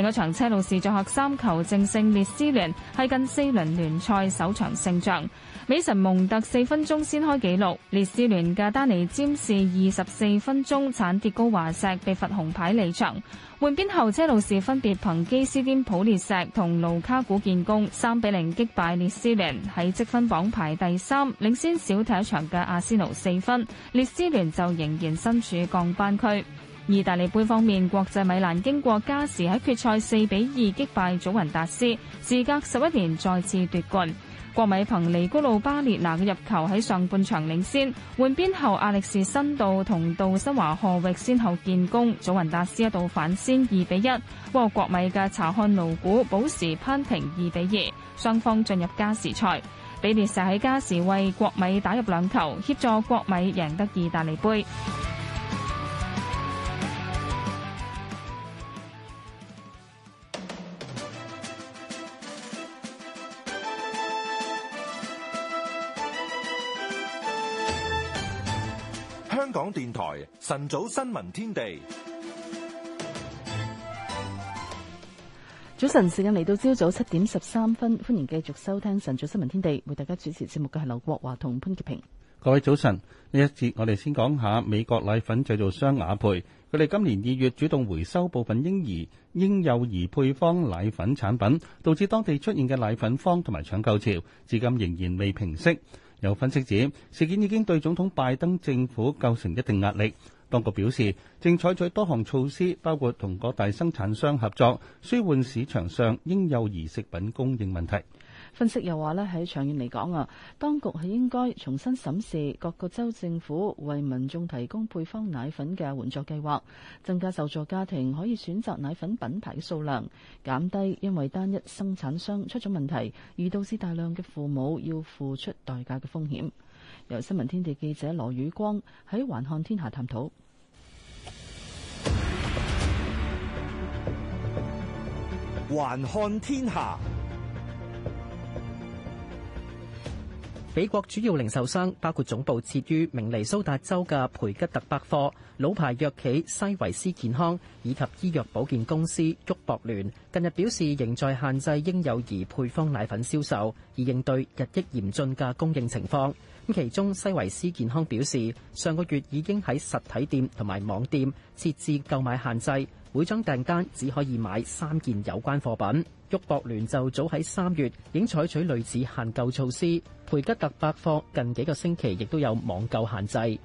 另一場車路士作客三球正勝列斯聯，係近四輪聯賽首場勝仗。美神蒙特四分鐘先開紀錄，列斯聯嘅丹尼詹士二十四分鐘鏟跌高華石，被罰紅牌離場。換邊後，車路士分別憑基斯甸普列石同盧卡古建功，三比零擊敗列斯聯，喺積分榜排第三，領先少踢場嘅阿仙奴四分。列斯聯就仍然身處降班區。意大利杯方面，國際米蘭經過加時喺決賽四比二擊敗祖雲達斯，時隔十一年再次奪冠。國米憑尼古魯巴列拿嘅入球喺上半場領先，換邊後阿歷士辛度同杜新華賀域先後建功，祖雲達斯一度反先二比一，不過國米嘅查漢奴古保時攀平二比二，雙方進入加時賽。比列薩喺加時為國米打入兩球，協助國米贏得意大利杯。香港電台晨早新聞天地，早晨時間嚟到朝早七點十三分，歡迎繼續收聽晨早新聞天地，為大家主持節目嘅係劉國華同潘潔平。各位早晨，呢一節我哋先講下美國奶粉製造商雅培，佢哋今年二月主動回收部分嬰兒嬰幼兒配方奶粉產品，導致當地出現嘅奶粉荒同埋搶購潮，至今仍然未平息。有分析指，事件已經對總統拜登政府構成一定壓力。當局表示，正採取多項措施，包括同各大生產商合作，舒緩市場上嬰幼兒食品供應問題。分析又話咧，喺長遠嚟講啊，當局係應該重新審視各個州政府為民眾提供配方奶粉嘅援助計劃，增加受助家庭可以選擇奶粉品牌嘅數量，減低因為單一生產商出咗問題而導致大量嘅父母要付出代價嘅風險。由新聞天地記者羅宇光喺橫看天下探討。橫看天下。美國主要零售商，包括總部設於明尼蘇達州嘅培吉特百貨、老牌藥企西維斯健康以及醫藥保健公司沃博聯，近日表示仍在限制嬰幼兒配方奶粉銷售，以應對日益嚴峻嘅供應情況。其中，西維斯健康表示，上個月已經喺實體店同埋網店設置購買限制，每張訂單只可以買三件有關貨品。旭博聯就早喺三月已經採取類似限購措施，培吉特百貨近幾個星期亦都有網購限制。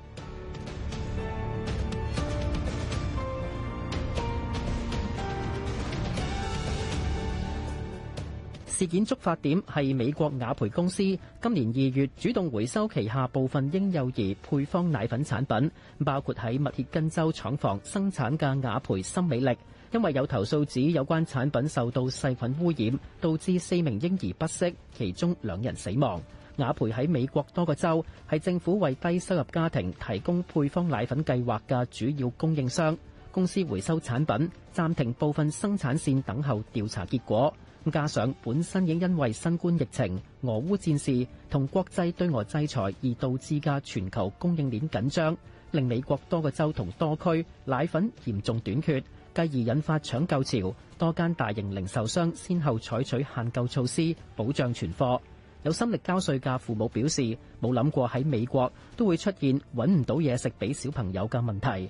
事件觸發點係美國雅培公司今年二月主動回收旗下部分嬰幼兒配方奶粉產品，包括喺密歇根州廠房生產嘅雅培心美力，因為有投訴指有關產品受到細菌污染，導致四名嬰兒不適，其中兩人死亡。雅培喺美國多個州係政府為低收入家庭提供配方奶粉計劃嘅主要供應商。公司回收產品，暫停部分生產線，等候調查結果。加上本身已經因為新冠疫情、俄烏戰事同國際對俄制裁而導致嘅全球供應鏈緊張，令美國多個州同多區奶粉嚴重短缺，繼而引發搶購潮。多間大型零售商先後採取限購措施保障存貨，有心力交瘁嘅父母表示，冇諗過喺美國都會出現揾唔到嘢食俾小朋友嘅問題。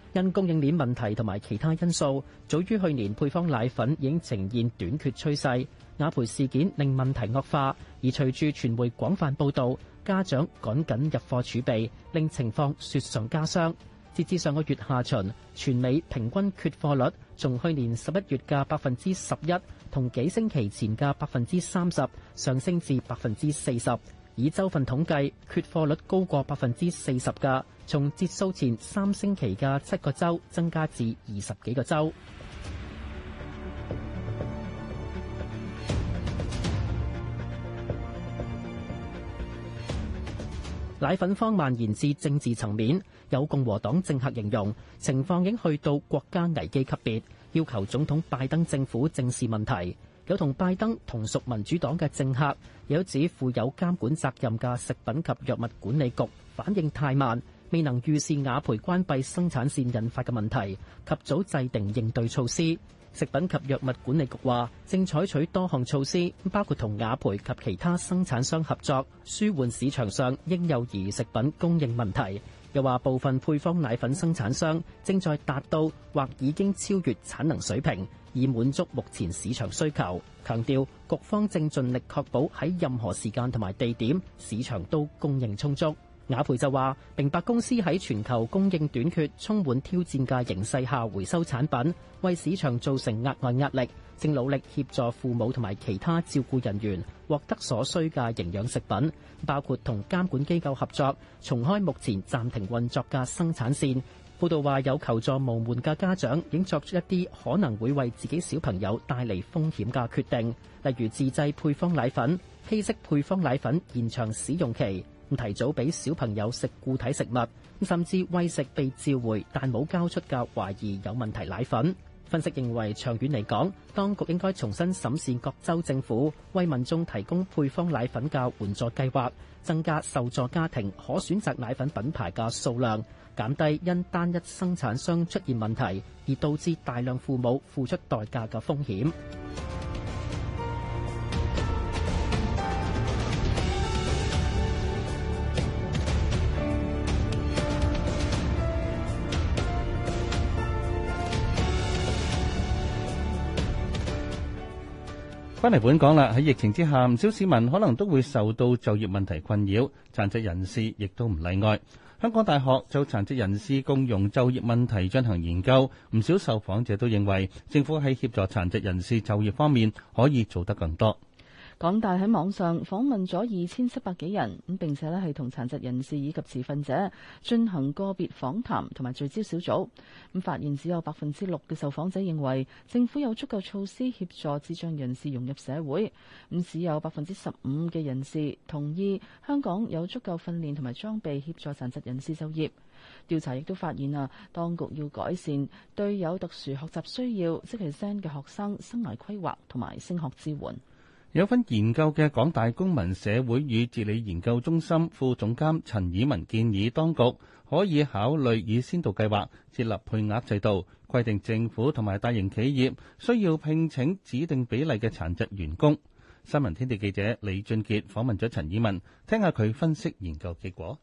因供應鏈問題同埋其他因素，早於去年配方奶粉已經呈現短缺趨勢，雅培事件令問題惡化，而隨住傳媒廣泛報道，家長趕緊入貨儲備令情況雪上加霜。截至上個月下旬，全美平均缺貨率從去年十一月嘅百分之十一，同幾星期前嘅百分之三十，上升至百分之四十。以州份統計缺貨率高過百分之四十噶，從結束前三星期嘅七個州增加至二十幾個州。奶 <noise> 粉荒蔓延至政治層面，有共和黨政客形容情況已經去到國家危機級別，要求總統拜登政府正視問題。有同拜登同屬民主黨嘅政客，又指負有監管責任嘅食品及藥物管理局反應太慢。未能預示雅培關閉生產線引發嘅問題，及早制定應對措施。食品及藥物管理局話，正採取多項措施，包括同雅培及其他生產商合作，舒緩市場上嬰幼兒食品供應問題。又話部分配方奶粉生產商正在達到或已經超越產能水平，以滿足目前市場需求。強調局方正盡力確保喺任何時間同埋地點市場都供應充足。雅培就話：明白公司喺全球供應短缺、充滿挑戰嘅形勢下回收產品，為市場造成額外壓力。正努力協助父母同埋其他照顧人員獲得所需嘅營養食品，包括同監管機構合作重開目前暫停運作嘅生產線。報道話，有求助無門嘅家長，已經作出一啲可能會為自己小朋友帶嚟風險嘅決定，例如自製配方奶粉、稀釋配方奶粉延長使用期。提早俾小朋友食固體食物，甚至餵食被召回但冇交出嘅懷疑有問題奶粉。分析認為，長遠嚟講，當局應該重新審視各州政府為民眾提供配方奶粉嘅援助計劃，增加受助家庭可選擇奶粉品牌嘅數量，減低因單一生產商出現問題而導致大量父母付出代價嘅風險。翻嚟本港啦，喺疫情之下，唔少市民可能都會受到就業問題困擾，殘疾人士亦都唔例外。香港大學就殘疾人士共用就業問題進行研究，唔少受訪者都認為政府喺協助殘疾人士就業方面可以做得更多。港大喺網上訪問咗二千七百幾人咁，並且咧係同殘疾人士以及持份者進行個別訪談同埋聚焦小組咁，發現只有百分之六嘅受訪者認為政府有足夠措施協助智障人士融入社會，咁只有百分之十五嘅人士同意香港有足夠訓練同埋裝備協助殘疾人士就業。調查亦都發現啊，當局要改善對有特殊學習需要即係 SEN 嘅學生生涯規劃同埋升學支援。有份研究嘅港大公民社會與治理研究中心副總監陳以文建議當局可以考慮以先導計劃設立配額制度，規定政府同埋大型企業需要聘請指定比例嘅殘疾員工。新聞天地記者李俊杰訪問咗陳以文，聽下佢分析研究結果。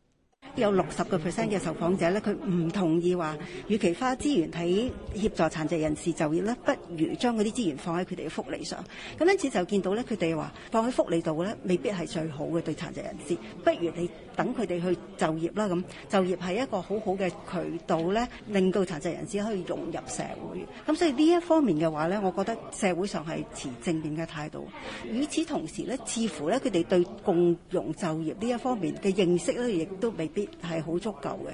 有六十個 percent 嘅受訪者咧，佢唔同意話，與其花資源喺協助殘疾人士就業咧，不如將嗰啲資源放喺佢哋嘅福利上。咁因此就見到咧，佢哋話放喺福利度咧，未必係最好嘅對殘疾人士。不如你等佢哋去就業啦，咁就業係一個好好嘅渠道咧，令到殘疾人士可以融入社會。咁所以呢一方面嘅話咧，我覺得社會上係持正面嘅態度。與此同時咧，似乎咧佢哋對共融就業呢一方面嘅認識咧，亦都未係好足夠嘅，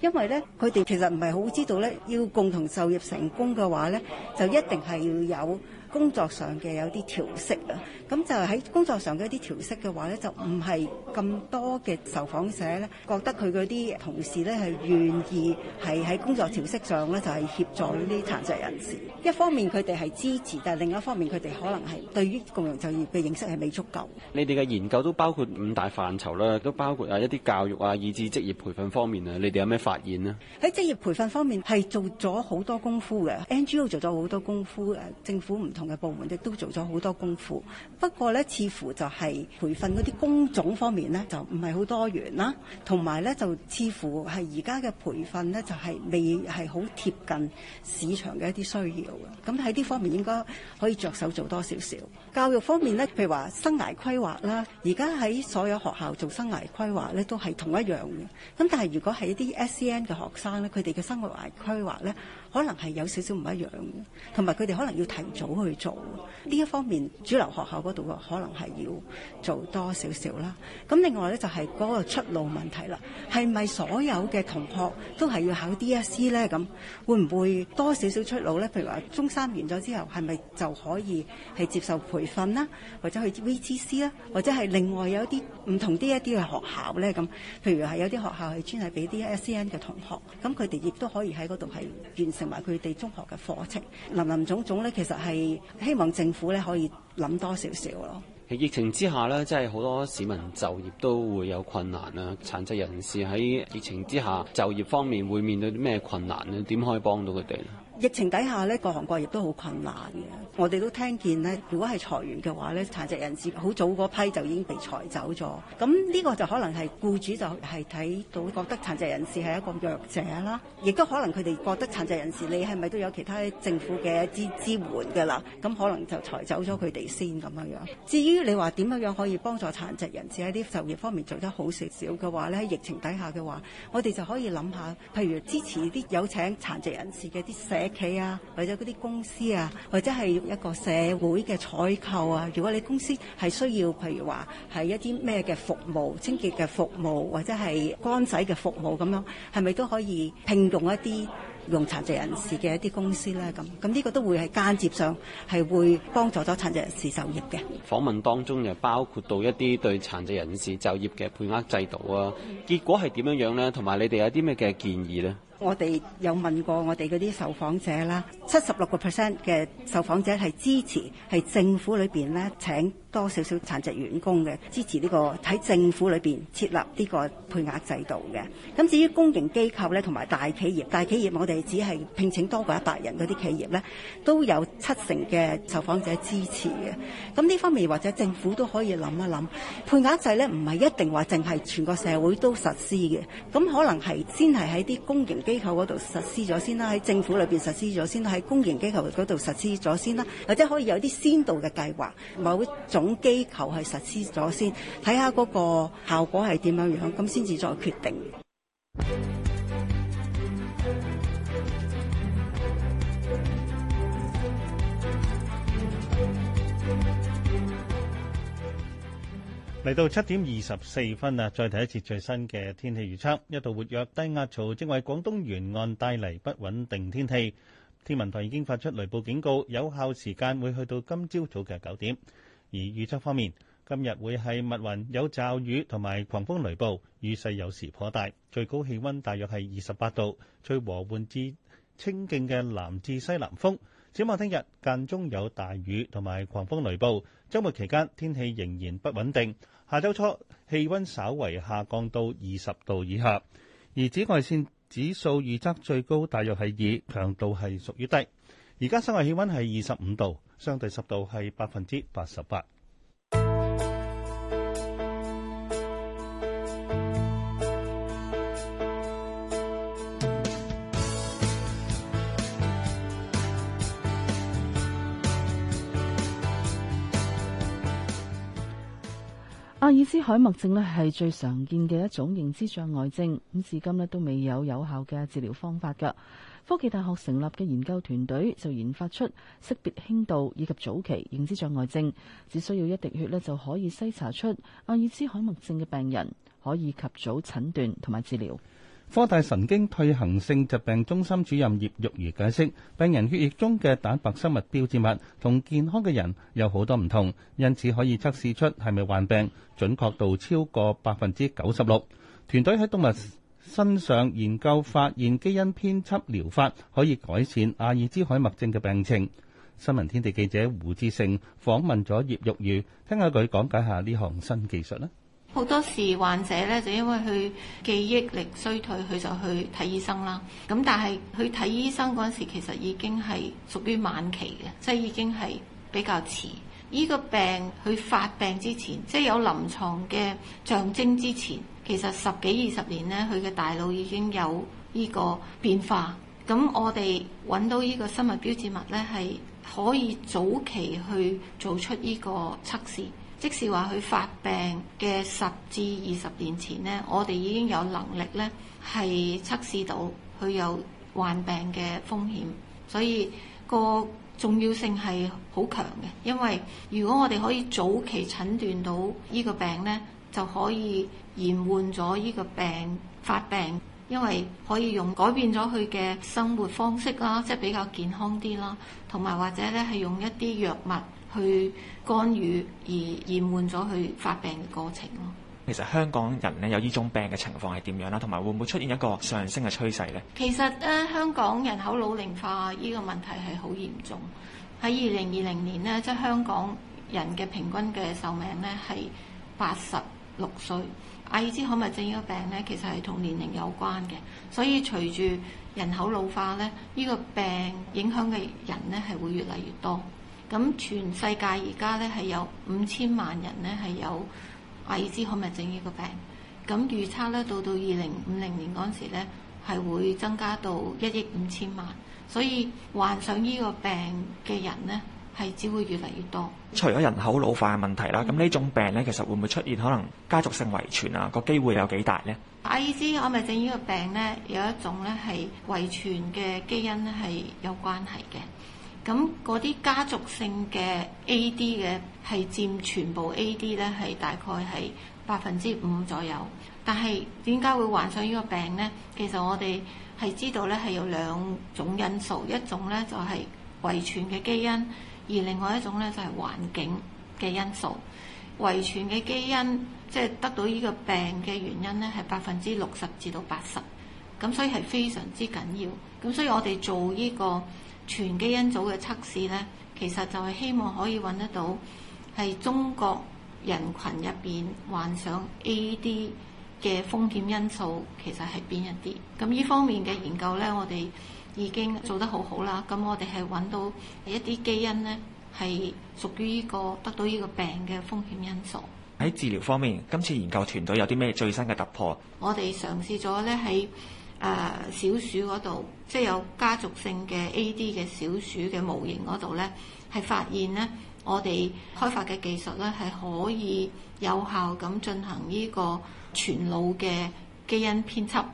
因為咧，佢哋其實唔係好知道咧，要共同就業成功嘅話咧，就一定係要有。工作上嘅有啲調適啊，咁就喺工作上嘅一啲調適嘅話咧，就唔係咁多嘅受訪者咧，覺得佢嗰啲同事咧係願意係喺工作調適上咧，就係協助呢啲殘疾人士。一方面佢哋係支持，但係另一方面佢哋可能係對於共融就業嘅認識係未足夠。你哋嘅研究都包括五大範疇啦，都包括啊一啲教育啊、以至職業培訓方面啊，你哋有咩發現咧？喺職業培訓方面係做咗好多功夫嘅 NGO 做咗好多功夫誒，政府唔同嘅部門亦都做咗好多功夫，不過咧，似乎就係培訓嗰啲工種方面咧，就唔係好多元啦，同埋咧就似乎係而家嘅培訓咧，就係未係好貼近市場嘅一啲需要嘅。咁喺呢方面應該可以着手做多少少。教育方面咧，譬如話生涯規劃啦，而家喺所有學校做生涯規劃咧，都係同一樣嘅。咁但係如果係一啲 SCN 嘅學生咧，佢哋嘅生涯規劃咧，可能係有少少唔一樣，同埋佢哋可能要提早去做呢一方面，主流學校度嘅可能係要做多少少啦。咁另外咧就係、是、個出路問題啦，係咪所有嘅同學都係要考 DSE 咧？咁會唔會多少少出路咧？譬如話中三完咗之後係咪就可以係接受培訓啦，或者去 VTC 啦，或者係另外有一啲唔同 d 一啲嘅學校咧？咁譬如係有啲學校係專係俾 SEN 嘅同學，咁佢哋亦都可以喺度係完成。同埋佢哋中學嘅課程，林林總總咧，其實係希望政府咧可以諗多少少咯。喺疫情之下咧，即係好多市民就業都會有困難啊。殘疾人士喺疫情之下就業方面會面對啲咩困難咧？點可以幫到佢哋？疫情底下咧，各行各業都好困難嘅。我哋都聽見咧，如果係裁員嘅話咧，殘疾人士好早嗰批就已經被裁走咗。咁呢個就可能係僱主就係睇到覺得殘疾人士係一個弱者啦，亦都可能佢哋覺得殘疾人士你係咪都有其他政府嘅一啲支援㗎啦？咁可能就裁走咗佢哋先咁樣樣。至於你話點樣樣可以幫助殘疾人士喺啲就業方面做得好少少嘅話咧，喺疫情底下嘅話，我哋就可以諗下，譬如支持啲有請殘疾人士嘅啲社企啊，或者嗰啲公司啊，或者係一個社會嘅採購啊。如果你公司係需要，譬如話，係一啲咩嘅服務，清潔嘅服務或者係乾洗嘅服務咁樣，係咪都可以聘用一啲用殘疾人士嘅一啲公司咧？咁咁呢個都會係間接上係會幫助咗殘疾人士就業嘅。訪問當中又包括到一啲對殘疾人士就業嘅配額制度啊，結果係點樣樣咧？同埋你哋有啲咩嘅建議咧？我哋有問過我哋嗰啲受訪者啦，七十六個 percent 嘅受訪者係支持係政府裏邊咧請多少少殘疾員工嘅，支持呢個喺政府裏邊設立呢個配額制度嘅。咁至於公營機構咧同埋大企業，大企業我哋只係聘請多過一百人嗰啲企業咧，都有七成嘅受訪者支持嘅。咁呢方面或者政府都可以諗一諗，配額制咧唔係一定話淨係全個社會都實施嘅，咁可能係先係喺啲公營。機構嗰度實施咗先啦，喺政府裏邊實施咗先啦，喺公營機構嗰度實施咗先啦，或者可以有啲先導嘅計劃，某種機構係實施咗先，睇下嗰個效果係點樣樣，咁先至再決定。嚟到七點二十四分啊，再睇一次最新嘅天氣預測。一道活躍低壓槽正為廣東沿岸帶嚟不穩定天氣，天文台已經發出雷暴警告，有效時間會去到今朝早嘅九點。而預測方面，今日會係密雲有驟雨同埋狂風雷暴，雨勢有時頗大，最高氣温大約係二十八度，吹和緩至清勁嘅南至西南風。展望聽日間中有大雨同埋狂風雷暴，週末期間天氣仍然不穩定。下周初氣溫稍為下降到二十度以下，而紫外綫指數預測最高大約係二，強度係屬於低。而家室外氣溫係二十五度，相對濕度係百分之八十八。阿爾茲海默症呢係最常見嘅一種認知障礙症，咁至今呢都未有有效嘅治療方法噶。科技大學成立嘅研究團隊就研發出識別輕度以及早期認知障礙症，只需要一滴血呢就可以篩查出阿爾茲海默症嘅病人，可以及早診斷同埋治療。科大神經退行性疾病中心主任葉玉如解釋：病人血液中嘅蛋白生物標誌物同健康嘅人有好多唔同，因此可以測試出係咪患病，準確度超過百分之九十六。團隊喺動物身上研究發現，基因編輯療法可以改善阿爾茲海默症嘅病情。新聞天地記者胡志成訪問咗葉玉如，聽下佢講解下呢項新技術啦。好多時患者咧，就因為佢記憶力衰退，佢就去睇醫生啦。咁但係去睇醫生嗰陣時，其實已經係屬於晚期嘅，即係已經係比較遲。呢個病佢發病之前，即係有臨床嘅象徵之前，其實十幾二十年咧，佢嘅大腦已經有呢個變化。咁我哋揾到呢個生物標誌物咧，係可以早期去做出呢個測試。即是話佢發病嘅十至二十年前呢，我哋已經有能力呢係測試到佢有患病嘅風險，所以個重要性係好強嘅。因為如果我哋可以早期診斷到呢個病呢，就可以延緩咗呢個病發病，因為可以用改變咗佢嘅生活方式啦，即係比較健康啲啦，同埋或者呢係用一啲藥物。去干預而延緩咗佢發病嘅過程咯。其實香港人咧有呢種病嘅情況係點樣啦，同埋會唔會出現一個上升嘅趨勢呢？其實咧，香港人口老齡化呢個問題係好嚴重。喺二零二零年呢，即係香港人嘅平均嘅壽命呢係八十六歲。阿爾茲海默症呢個病呢，其實係同年齡有關嘅，所以隨住人口老化呢，呢、呢個病影響嘅人呢係會越嚟越多。咁全世界而家咧係有五千萬人咧係有阿爾茨海默症呢個病，咁預測咧到到二零五零年嗰陣時咧係會增加到一億五千萬。所以患上呢個病嘅人咧係只會越嚟越多。除咗人口老化嘅問題啦，咁呢種病咧其實會唔會出現可能家族性遺傳啊？個機會有幾大咧？阿爾茨海默症呢個病咧有一種咧係遺傳嘅基因咧係有關係嘅。咁嗰啲家族性嘅 AD 嘅，係佔全部 AD 咧，係大概係百分之五左右，但係點解會患上呢個病咧？其實我哋係知道咧，係有兩種因素，一種咧就係遺傳嘅基因，而另外一種咧就係環境嘅因素。遺傳嘅基因即係、就是、得到呢個病嘅原因咧，係百分之六十至到八十，咁所以係非常之緊要。咁所以我哋做呢、這個。全基因組嘅測試呢，其實就係希望可以揾得到係中國人群入邊患上 AD 嘅風險因素其實係邊一啲？咁呢方面嘅研究呢，我哋已經做得好好啦。咁我哋係揾到一啲基因呢，係屬於呢個得到呢個病嘅風險因素。喺治療方面，今次研究團隊有啲咩最新嘅突破？我哋嘗試咗咧喺，誒小鼠嗰度，即係有家族性嘅 AD 嘅小鼠嘅模型嗰度咧，係發現咧，我哋開發嘅技術咧係可以有效咁進行呢個全腦嘅基因編輯，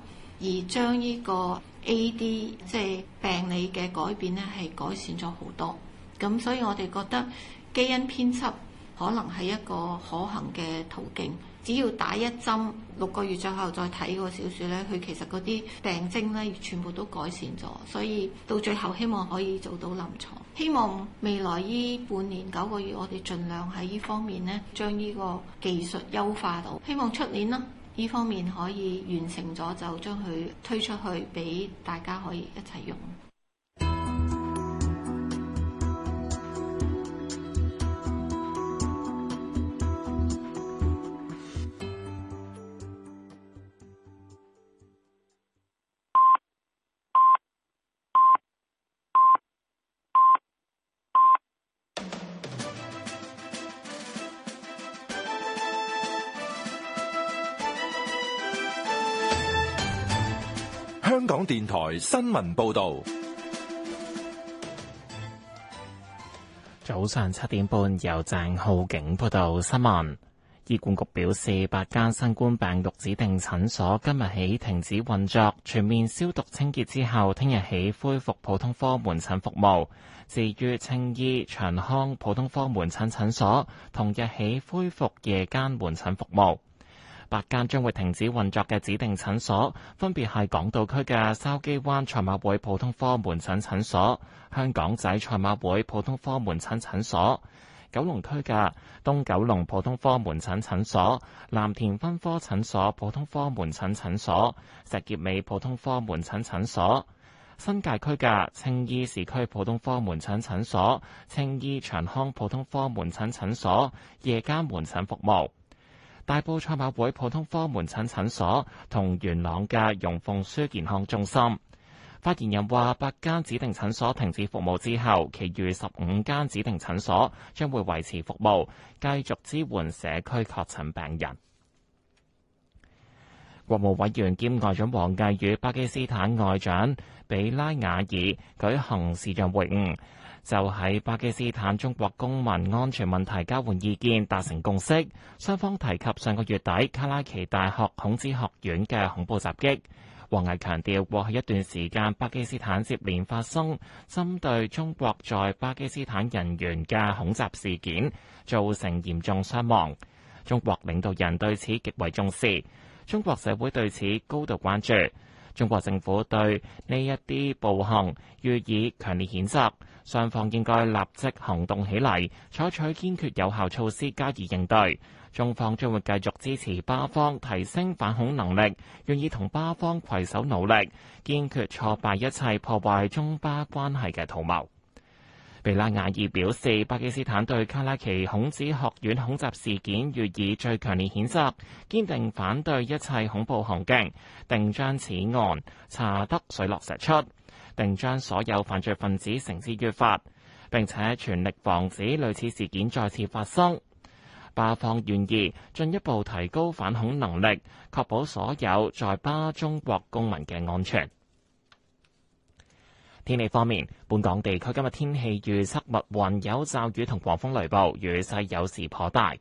而將呢個 AD 即係病理嘅改變咧係改善咗好多。咁所以我哋覺得基因編輯可能係一個可行嘅途徑。只要打一針，六個月最後再睇個小鼠呢佢其實嗰啲病徵呢全部都改善咗，所以到最後希望可以做到臨床。希望未來呢半年九個月，我哋盡量喺呢方面呢將呢個技術優化到。希望出年啦，呢方面可以完成咗，就將佢推出去俾大家可以一齊用。電台新聞報道：早上七點半，由鄭浩景報道新聞。醫管局表示，八間新冠病毒指定診所今日起停止運作，全面消毒清潔之後，聽日起恢復普通科門診服務。至於青衣長康普通科門診診所，同日起恢復夜間門診服務。八間將會停止運作嘅指定診所，分別係港島區嘅筲箕灣賽馬會普通科門診診所、香港仔賽馬會普通科門診診所、九龍區嘅東九龍普通科門診診所、藍田分科診所普通科門診診所、石硤尾普通科門診診所、新界區嘅青衣市區普通科門診診所、青衣長康普通科門診診所、夜間門診服務、大埔賽馬會普通科門診診所同元朗嘅容鳳書健康中心。發言人話：八間指定診所停止服務之後，其餘十五間指定診所將會維持服務，繼續支援社區確診病人。國務委員兼外長王毅與巴基斯坦外長比拉雅爾舉行視像會晤。就喺巴基斯坦，中國公民安全問題交換意見，達成共識，雙方提及上個月底卡拉奇大學孔子學院嘅恐怖襲擊，王毅強調過去一段時間巴基斯坦接連發生針對中國在巴基斯坦人員嘅恐襲事件，造成嚴重傷亡。中國領導人對此極為重視，中國社會對此高度關注。中國政府對呢一啲暴行予以強烈譴責。雙方應該立即行動起嚟，採取堅決有效措施加以應對。中方將會繼續支持巴方提升反恐能力，願意同巴方携手努力，堅決挫敗一切破壞中巴關係嘅圖謀。比拉瓦爾表示，巴基斯坦對卡拉奇孔子學院恐襲事件予以最強烈譴責，堅定反對一切恐怖行徑，定將此案查得水落石出。並將所有犯罪分子繩之於法，並且全力防止類似事件再次發生。巴方願意進一步提高反恐能力，確保所有在巴中國公民嘅安全。天氣方面，本港地區今日天氣預測密雲有驟雨同狂風雷暴，雨勢有時頗大。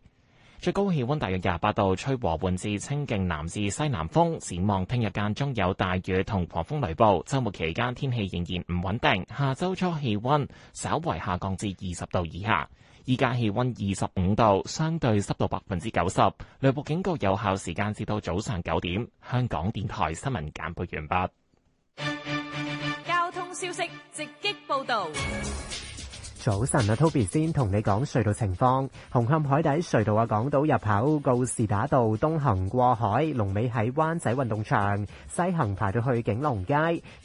最高氣溫大約廿八度，吹和緩至清勁南至西南風。展望聽日間中有大雨同狂風雷暴。周末期間天氣仍然唔穩定，下周初氣溫稍為下降至二十度以下。依家氣溫二十五度，相對濕度百分之九十，雷暴警告有效時間至到早上九點。香港電台新聞簡報完畢。交通消息直擊報道。早晨啊，Toby 先同你講隧道情況。紅磡海底隧道啊，港島入口告士打道東行過海，龍尾喺灣仔運動場；西行排到去景隆街，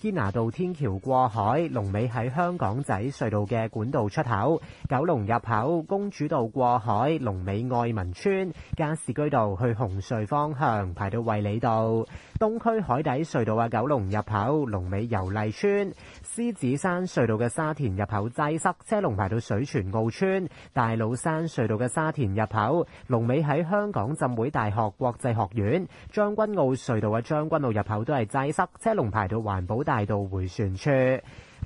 堅拿道天橋過海，龍尾喺香港仔隧道嘅管道出口。九龍入口公主道過海，龍尾愛民村；加士居道去紅隧方向，排到衛理道。東區海底隧道啊，九龍入口，龍尾油麗村。獅子山隧道嘅沙田入口擠塞，車龍排到水泉澳村；大老山隧道嘅沙田入口，龍尾喺香港浸會大學國際學院；將軍澳隧道嘅將軍澳入口都係擠塞，車龍排到環保大道回旋處。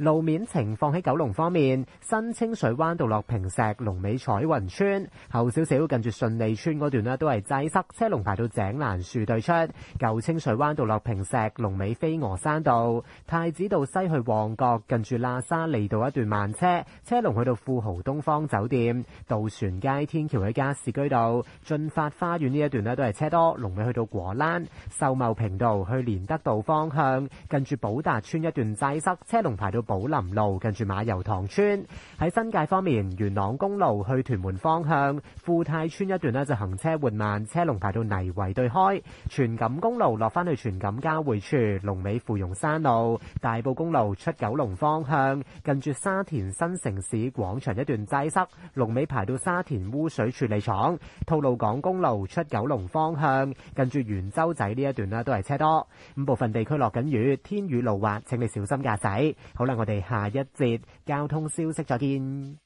路面情況喺九龍方面，新清水灣道落平石龍尾彩雲村後少少近住順利村嗰段咧都係擠塞，車龍排到井欄樹對出；舊清水灣道落平石龍尾飛鵝山道、太子道西去旺角近住喇沙利道一段慢車，車龍去到富豪東方酒店、渡船街天橋喺加士居道、駿發花園呢一段咧都係車多，龍尾去到果欄、秀茂坪道去連德道方向，近住寶達村一段擠塞，車龍排到寶林路近住馬油塘村喺新界方面，元朗公路去屯門方向富泰邨一段咧，就行車緩慢，車龍排到泥圍對開。荃錦公路落翻去荃錦交匯處，龍尾芙蓉山路、大埔公路出九龍方向，近住沙田新城市廣場一段擠塞，龍尾排到沙田污水處理廠。吐露港公路出九龍方向，近住元洲仔呢一段咧都係車多。咁部分地區落緊雨，天雨路滑，請你小心駕駛。好啦。我哋下一節交通消息，再見。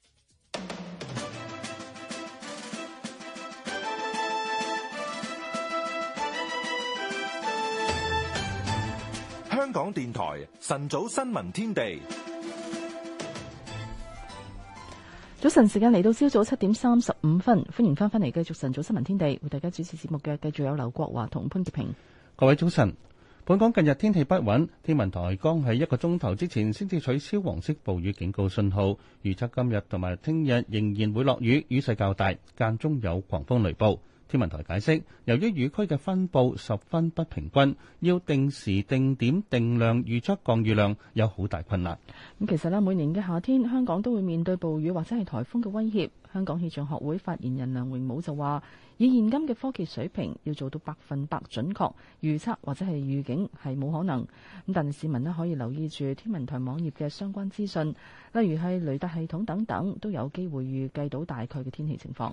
香港電台晨早新聞天地，早晨時間嚟到，朝早七點三十五分，歡迎翻返嚟，繼續晨早新聞天地，為大家主持節目嘅，繼續有劉國華同潘潔平。各位早晨。本港近日天氣不穩，天文台剛喺一個鐘頭之前先至取消黃色暴雨警告信號，預測今日同埋聽日仍然會落雨，雨勢較大，間中有狂風雷暴。天文台解釋，由於雨區嘅分佈十分不平均，要定時、定點、定量預測降雨量有好大困難。咁其實咧，每年嘅夏天，香港都會面對暴雨或者係颱風嘅威脅。香港氣象學會發言人梁榮武就話，以現今嘅科技水平，要做到百分百準確預測或者係預警係冇可能。咁但係市民咧可以留意住天文台網頁嘅相關資訊，例如係雷達系統等等，都有機會預計到大概嘅天氣情況。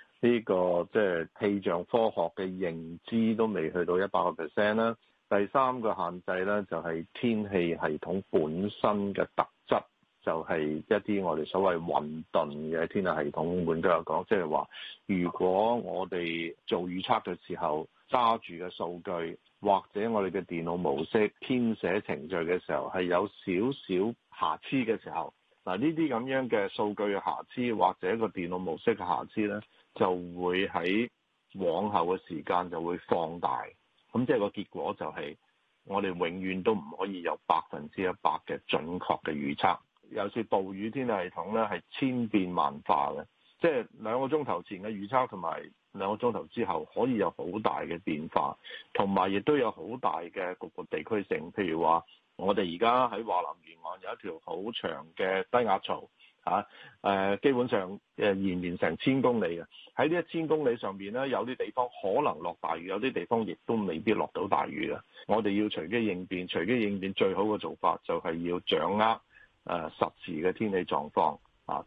呢個即係氣象科學嘅認知都未去到一百個 percent 啦。第三個限制咧就係、是、天氣系統本身嘅特質，就係、是、一啲我哋所謂混沌嘅天氣系統。換句話講，即係話，如果我哋做預測嘅時候揸住嘅數據，或者我哋嘅電腦模式編寫程序嘅時候係有少少瑕疵嘅時候，嗱呢啲咁樣嘅數據嘅瑕疵或者個電腦模式嘅瑕疵咧，就會喺往後嘅時間就會放大，咁即係個結果就係我哋永遠都唔可以有百分之一百嘅準確嘅預測。尤其是暴雨天氣系統咧，係千變萬化嘅，即係兩個鐘頭前嘅預測同埋兩個鐘頭之後可以有好大嘅變化，同埋亦都有好大嘅個個地區性。譬如話，我哋而家喺華南沿岸有一條好長嘅低壓槽。吓，誒，基本上誒，延綿成千公里嘅，喺呢一千公里上邊咧，有啲地方可能落大雨，有啲地方亦都未必落到大雨嘅。我哋要隨機應變，隨機應變最好嘅做法就係要掌握誒實時嘅天氣狀況。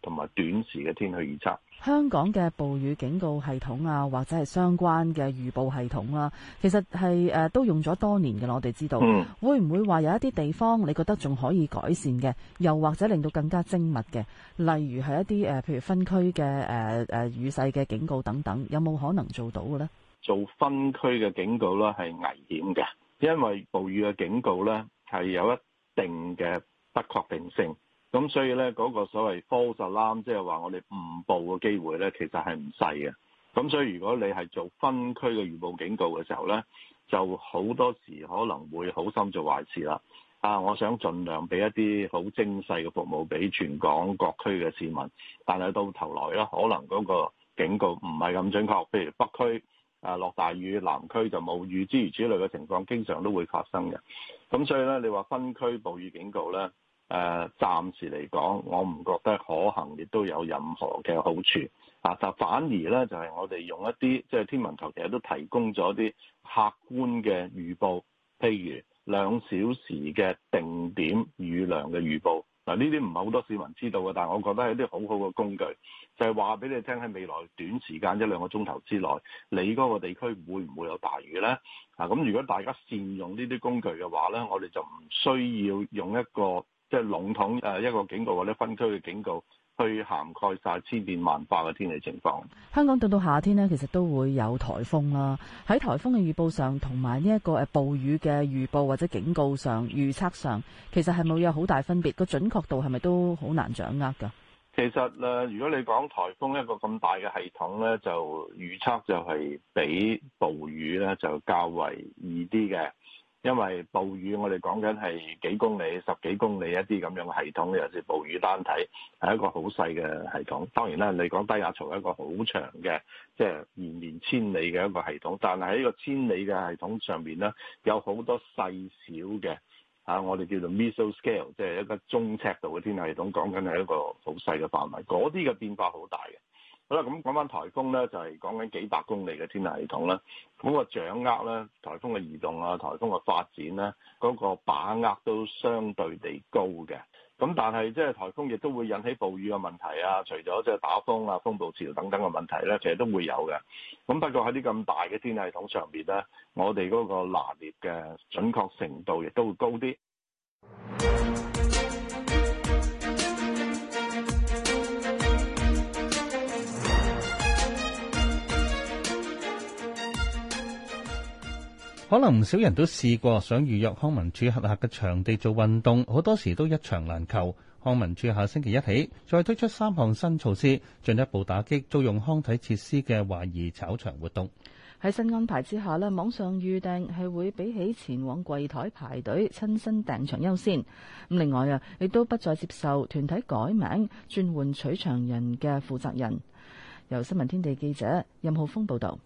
同埋短時嘅天氣預測，香港嘅暴雨警告系統啊，或者係相關嘅預報系統啦、啊，其實係誒、呃、都用咗多年嘅，我哋知道，嗯、會唔會話有一啲地方你覺得仲可以改善嘅，又或者令到更加精密嘅，例如係一啲誒、呃，譬如分區嘅誒誒雨勢嘅警告等等，有冇可能做到嘅咧？做分區嘅警告啦，係危險嘅，因為暴雨嘅警告咧係有一定嘅不確定性。咁所以呢，嗰個所謂 false alarm，即係話我哋誤報嘅機會呢，其實係唔細嘅。咁所以如果你係做分區嘅預報警告嘅時候呢，就好多時可能會好心做壞事啦。啊，我想盡量俾一啲好精細嘅服務俾全港各區嘅市民，但係到頭來呢，可能嗰個警告唔係咁準確。譬如北區誒落大雨，南區就冇雨諸如此類嘅情況，經常都會發生嘅。咁所以呢，你話分區暴雨警告呢。誒，暫時嚟講，我唔覺得可行，亦都有任何嘅好處啊！但反而呢，就係我哋用一啲即係天文台其實都提供咗啲客觀嘅預報，譬如兩小時嘅定點雨量嘅預報。嗱，呢啲唔係好多市民知道嘅，但係我覺得係啲好好嘅工具，就係話俾你聽喺未來短時間一兩個鐘頭之內，你嗰個地區會唔會有大雨呢？啊，咁如果大家善用呢啲工具嘅話呢，我哋就唔需要用一個。即係籠統誒一個警告或者分區嘅警告，去涵蓋晒千變萬化嘅天氣情況。香港到到夏天呢，其實都會有颱風啦、啊。喺颱風嘅預報上，同埋呢一個誒暴雨嘅預報或者警告上預測上，其實係冇有好大分別，個準確度係咪都好難掌握㗎？其實誒，如果你講颱風一個咁大嘅系統呢，就預測就係比暴雨呢，就較為易啲嘅。因為暴雨，我哋講緊係幾公里、十幾公里一啲咁樣嘅系統，尤其是暴雨單體，係一個好細嘅系統。當然啦，你講低壓槽係一個好長嘅，即係延綿千里嘅一個系統，但係喺呢個千里嘅系統上面咧，有好多細小嘅，啊，我哋叫做 mesoscale 即係一個中尺度嘅天氣系統，講緊係一個好細嘅範圍，嗰啲嘅變化好大嘅。啦，咁講返颱風呢就係講緊幾百公里嘅天氣系統啦。咁個掌握呢，颱風嘅移動啊、颱風嘅發展呢，嗰個把握都相對地高嘅。咁但係即係颱風亦都會引起暴雨嘅問題啊，除咗即係打風啊、風暴潮等等嘅問題呢，其實都會有嘅。咁不過喺啲咁大嘅天氣系統上面呢，我哋嗰個拿捏嘅準確程度亦都會高啲。可能唔少人都試過想預約康文署轄下嘅場地做運動，好多時都一場難求。康文署下星期一起再推出三項新措施，進一步打擊租用康體設施嘅懷疑炒場活動。喺新安排之下咧，網上預訂係會比起前往櫃枱排隊親身訂場優先。咁另外啊，亦都不再接受團體改名轉換取場人嘅負責人。由新聞天地記者任浩峰報導。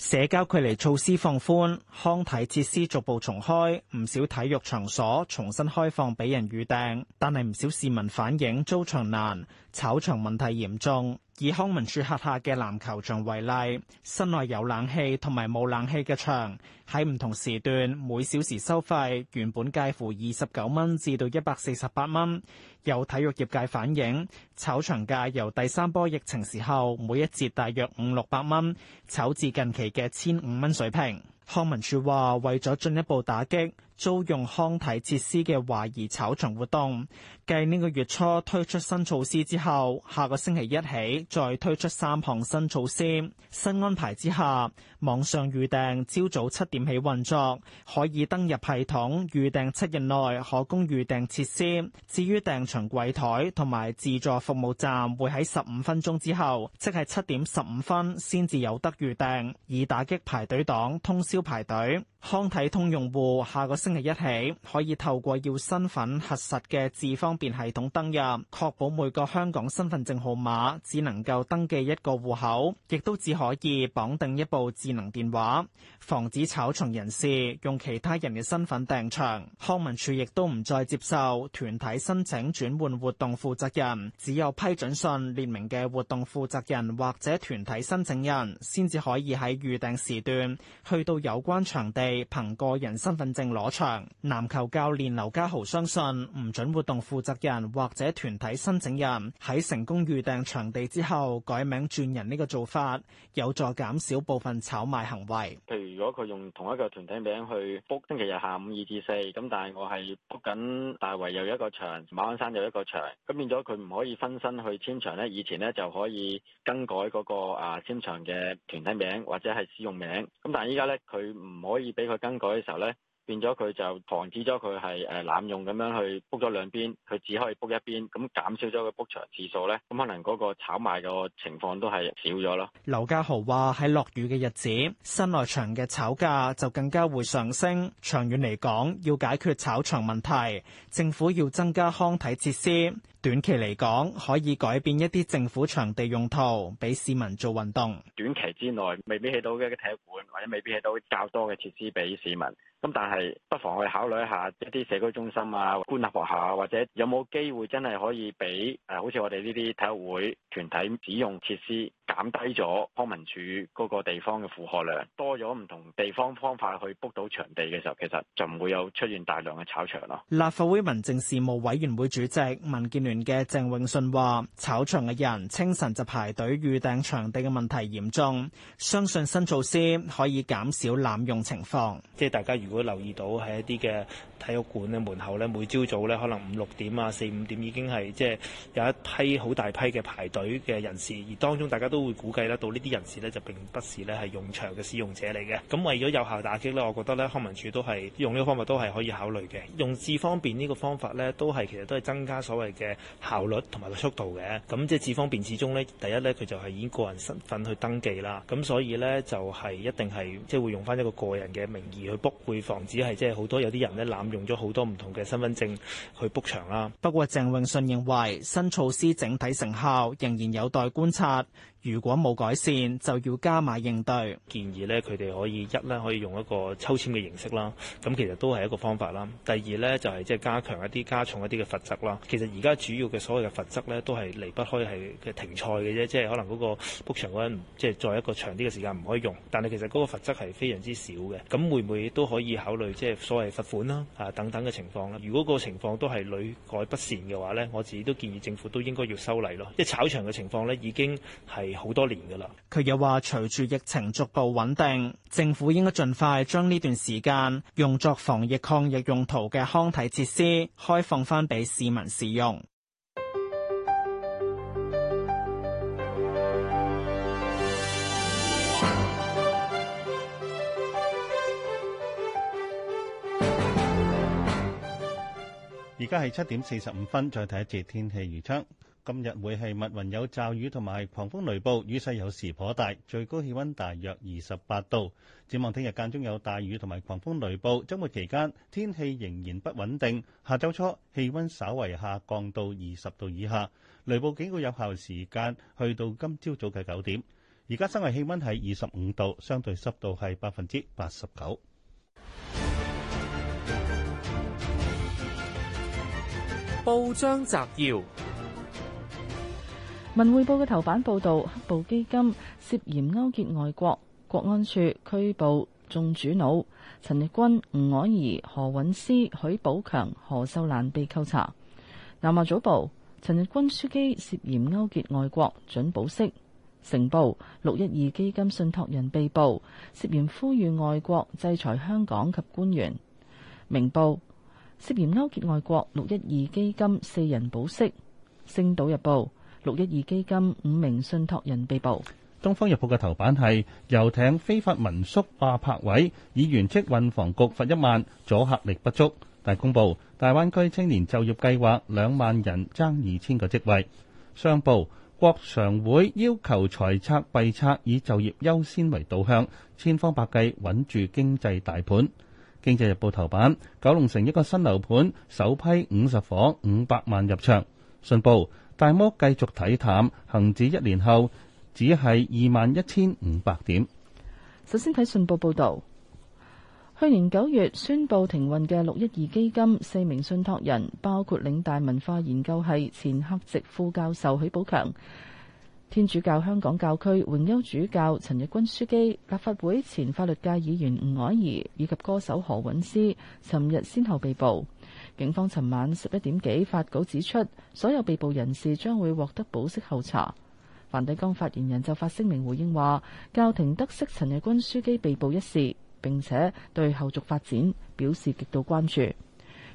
社交距離措施放寬，康體設施逐步重開，唔少體育場所重新開放俾人預訂，但係唔少市民反映租場難、炒場問題嚴重。以康文署轄下嘅籃球場為例，室內有冷氣同埋冇冷氣嘅場，喺唔同時段每小時收費，原本介乎二十九蚊至到一百四十八蚊。有體育業界反映，炒場價由第三波疫情時候每一節大約五六百蚊，炒至近期嘅千五蚊水平。康文署話，為咗進一步打擊租用康體設施嘅懷疑炒場活動，繼呢個月初推出新措施之後，下個星期一起再推出三項新措施。新安排之下，網上預訂朝早七點起運作，可以登入系統預訂七日內可供預訂設施。至於訂場櫃台同埋自助服務站，會喺十五分鐘之後，即係七點十五分先至有得預訂，以打擊排隊黨通宵排隊。康體通用戶下個星期一起可以透過要身份核實嘅智方便系統登入，確保每個香港身份證號碼只能夠登記一個戶口，亦都只可以綁定一部智能電話，防止炒場人士用其他人嘅身份訂場。康文署亦都唔再接受團體申請轉換活動負責人，只有批准信列明嘅活動負責人或者團體申請人先至可以喺預訂時段去到有關場地。憑個人身份證攞場，籃球教練劉家豪相信唔准活動負責人或者團體申請人喺成功預訂場地之後改名轉人呢個做法，有助減少部分炒賣行為。譬如如果佢用同一個團體名去 book 星期日下午二至四，咁但係我係 book 緊大圍又一個場，馬鞍山又一個場，咁變咗佢唔可以分身去簽場。呢以前呢就可以更改嗰個啊簽場嘅團體名或者係使用名，咁但係依家呢，佢唔可以。俾佢更改嘅時候咧，變咗佢就防止咗佢係誒濫用咁樣去 book 咗兩邊，佢只可以 book 一邊，咁減少咗佢 book 場次數咧，咁可能嗰個炒賣個情況都係少咗咯。劉家豪話：喺落雨嘅日子，室內場嘅炒價就更加會上升。長遠嚟講，要解決炒場問題，政府要增加康體設施。短期嚟講，可以改變一啲政府場地用途，俾市民做運動。短期之內未必起到一個體育館，或者未必起到較多嘅設施俾市民。咁但係不妨去考慮一下一啲社區中心啊、官立學校啊，或者有冇機會真係可以俾誒、啊，好似我哋呢啲體育會團體使用設施，減低咗康文署嗰個地方嘅負荷量，多咗唔同地方方法去 book 到場地嘅時候，其實就唔會有出現大量嘅炒場咯。立法會民政事務委員會主席民建聯。員嘅鄭泳舜話：炒場嘅人清晨就排隊預訂場地嘅問題嚴重，相信新措施可以減少濫用情況。即係大家如果留意到喺一啲嘅體育館嘅門口咧，每朝早咧可能五六點啊、四五點已經係即係有一批好大批嘅排隊嘅人士，而當中大家都會估計得到呢啲人士咧就並不是咧係用場嘅使用者嚟嘅。咁為咗有效打擊咧，我覺得咧康文署都係用呢個方法都係可以考慮嘅。用字方便呢個方法咧都係其實都係增加所謂嘅。效率同埋個速度嘅，咁即係自方便。始終咧，第一咧，佢就係以個人身份去登記啦，咁所以咧就係一定係即係會用翻一個個人嘅名義去 book，會防止係即係好多有啲人咧濫用咗好多唔同嘅身份證去 book 場啦。不過鄭永信認為新措施整體成效仍然有待觀察。如果冇改善，就要加埋應對。建議呢，佢哋可以一呢可以用一個抽籤嘅形式啦，咁其實都係一個方法啦。第二呢，就係即係加強一啲加重一啲嘅罰則啦。其實而家主要嘅所謂嘅罰則呢，都係離不開係嘅停賽嘅啫，即係可能嗰個 book 場嗰陣即係再一個長啲嘅時間唔可以用，但係其實嗰個罰則係非常之少嘅。咁會唔會都可以考慮即係所謂罰款啦啊等等嘅情況咧？如果個情況都係屢改不善嘅話呢，我自己都建議政府都應該要修例咯，即係炒場嘅情況呢，已經係。好多年噶啦。佢又話，隨住疫情逐步穩定，政府應該盡快將呢段時間用作防疫抗疫用途嘅康體設施開放翻俾市民使用。而家係七點四十五分，再睇一節天氣預測。今日會係密雲有驟雨同埋狂風雷暴，雨勢有時頗大，最高氣溫大約二十八度。展望聽日間中有大雨同埋狂風雷暴，週末期間天氣仍然不穩定。下週初氣溫稍為下降到二十度以下，雷暴警告有效時間去到今朝早嘅九點。而家室外氣溫係二十五度，相對濕度係百分之八十九。報章摘要。文匯報嘅頭版報道，黑暴基金涉嫌勾結外國，國安處拘捕眾主腦，陳日君、吳靄儀、何韻詩、許寶強、何秀蘭被扣查。南華早報：陳日君樞機涉嫌勾結外國，准保釋；成報：六一二基金信託人被捕，涉嫌呼籲外國制裁香港及官員。明報：涉嫌勾結外國，六一二基金四人保釋。星島日報。六一二基金五名信託人被捕。東方日報嘅頭版係遊艇非法民宿霸泊位，議員即運房局罰一萬，阻吓力不足。大公報大灣區青年就業計劃兩萬人爭二千個職位。商報國常會要求財策、幣策以就業優先為導向，千方百計穩住經濟大盤。經濟日報頭版九龍城一個新樓盤首批五十房五百萬入場。信報。大摩繼續睇淡，恒指一年後只係二萬一千五百點。首先睇信報報道，去年九月宣布停運嘅六一二基金，四名信託人包括嶺大文化研究系前客席副教授許寶強、天主教香港教區榮休主教陳日君樞機、立法會前法律界議員吳靄儀以及歌手何韻詩，尋日先後被捕。警方尋晚十一點幾發稿指出，所有被捕人士將會獲得保釋候查。梵蒂岡發言人就發聲明回應話，教廷得悉陳日君樞機被捕一事，並且對後續發展表示極度關注。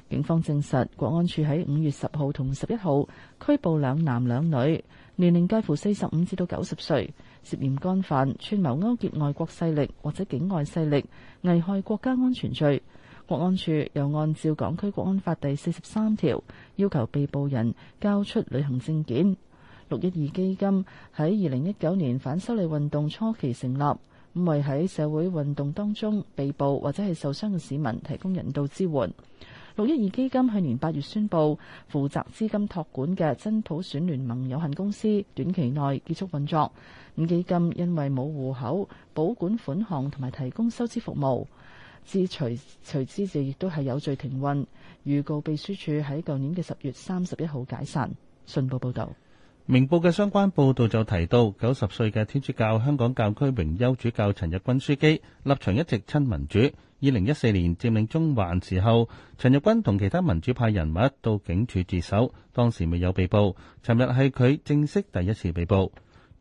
警方證實，國安處喺五月十號同十一號拘捕兩男兩女，年齡介乎四十五至到九十歲，涉嫌干犯串謀勾結外國勢力或者境外勢力危害國家安全罪。國安處又按照港區國安法第四十三條，要求被捕人交出旅行證件。六一二基金喺二零一九年反修例運動初期成立，咁為喺社會運動當中被捕或者係受傷嘅市民提供人道支援。六一二基金去年八月宣布，負責資金託管嘅真普選聯盟有限公司短期內結束運作。咁基金因為冇戶口，保管款項同埋提供收支服務。自徐隨之就亦都係有序停運，預告秘書處喺舊年嘅十月三十一號解散。信報報道：明報嘅相關報導就提到，九十歲嘅天主教香港教區榮休主教陳日君樞機，立場一直親民主。二零一四年佔領中環時候，陳日君同其他民主派人物到警署自首，當時未有被捕。尋日係佢正式第一次被捕。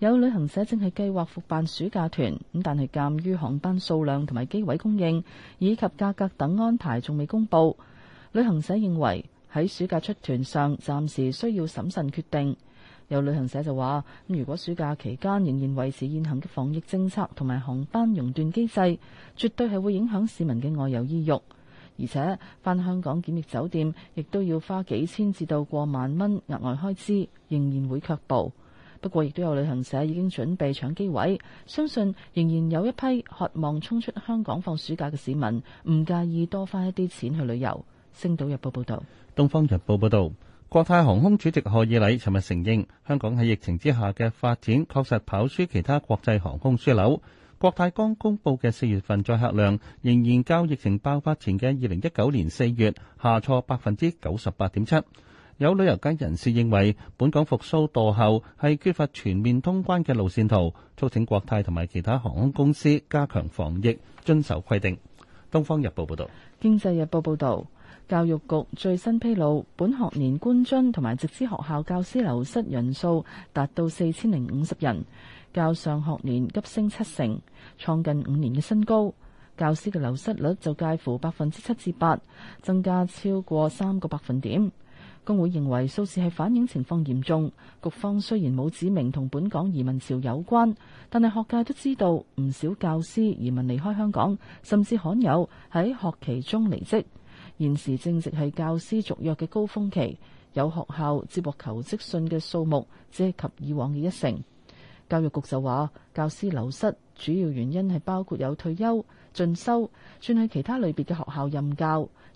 有旅行社正係計劃復辦暑假團，咁但係鑒於航班數量同埋機位供應以及價格等安排仲未公布，旅行社認為喺暑假出團上暫時需要審慎決定。有旅行社就話，如果暑假期間仍然維持現行嘅防疫政策同埋航班熔斷機制，絕對係會影響市民嘅外遊意欲，而且返香港檢疫酒店亦都要花幾千至到過萬蚊額外開支，仍然會卻步。不過，亦都有旅行社已經準備搶機位，相信仍然有一批渴望衝出香港放暑假嘅市民，唔介意多花一啲錢去旅遊。星島日報報道。東方日報報道，國泰航空主席賀以禮尋日承認，香港喺疫情之下嘅發展確實跑輸其他國際航空樞紐。國泰剛公佈嘅四月份載客量，仍然較疫情爆發前嘅二零一九年四月下挫百分之九十八點七。有旅遊界人士認為，本港復甦墮後係缺乏全面通關嘅路線圖，促請國泰同埋其他航空公司加強防疫，遵守規定。《東方日報》報導，《經濟日報》報導，教育局最新披露，本學年官津同埋直資學校教師流失人數達到四千零五十人，較上學年急升七成，創近五年嘅新高。教師嘅流失率就介乎百分之七至八，增加超過三個百分點。公會認為數字係反映情況嚴重，局方雖然冇指明同本港移民潮有關，但係學界都知道唔少教師移民離開香港，甚至罕有喺學期中離職。現時正值係教師續約嘅高峰期，有學校接獲求職信嘅數目，只係及以往嘅一成。教育局就話，教師流失主要原因係包括有退休、進修、轉去其他類別嘅學校任教。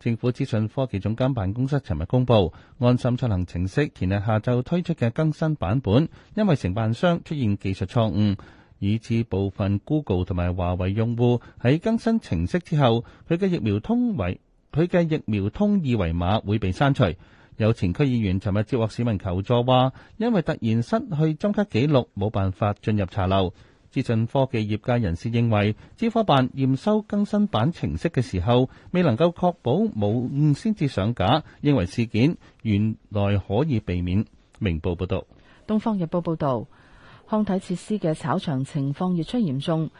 政府資訊科技總監辦公室尋日公布，安心出行程式前日下晝推出嘅更新版本，因為承辦商出現技術錯誤，以致部分 Google 同埋華為用戶喺更新程式之後，佢嘅疫苗通為佢嘅疫苗通二維碼會被刪除。有前區議員尋日接獲市民求助，話因為突然失去針卡記錄，冇辦法進入茶樓。資訊科技業界人士認為，資科辦驗收更新版程式嘅時候，未能夠確保冇誤先至上架，認為事件原來可以避免。明報報道，東方日報報道，康體設施嘅炒場情況越趨嚴重。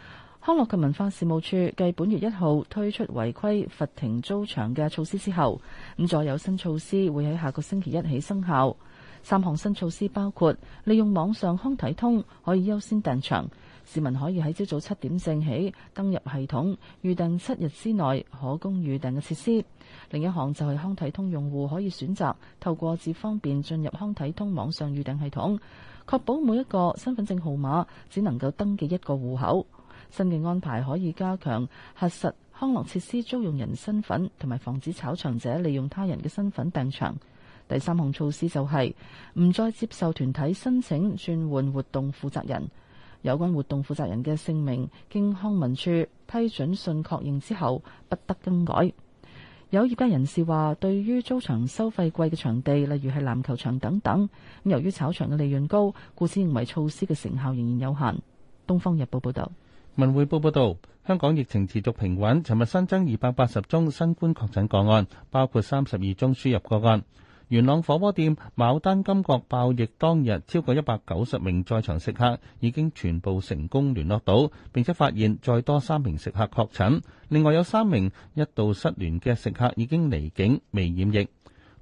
康樂及文化事務處繼本月一號推出違規罰停租場嘅措施之後，咁再有新措施會喺下個星期一起生效。三項新措施包括利用網上康體通可以優先訂場。市民可以喺朝早七點正起登入系統預訂，七日之內可供預訂嘅設施。另一項就係康體通用戶可以選擇透過智方便進入康體通網上預訂系統，確保每一個身份證號碼只能夠登記一個戶口。新嘅安排可以加強核實康樂設施租用人身份，同埋防止炒場者利用他人嘅身份訂場。第三項措施就係、是、唔再接受團體申請轉換活動負責人。有關活動負責人嘅姓名經康文署批准信確認之後，不得更改。有業界人士話，對於租場收費貴嘅場地，例如係籃球場等等，由於炒場嘅利潤高，故此認為措施嘅成效仍然有限。東方日報報道。文匯報報道，香港疫情持續平穩，尋日新增二百八十宗新冠確診個案，包括三十二宗輸入個案。元朗火鍋店牡丹金閣爆疫當日超過一百九十名在場食客已經全部成功聯絡到，並且發現再多三名食客確診。另外有三名一度失聯嘅食客已經離境，未染疫。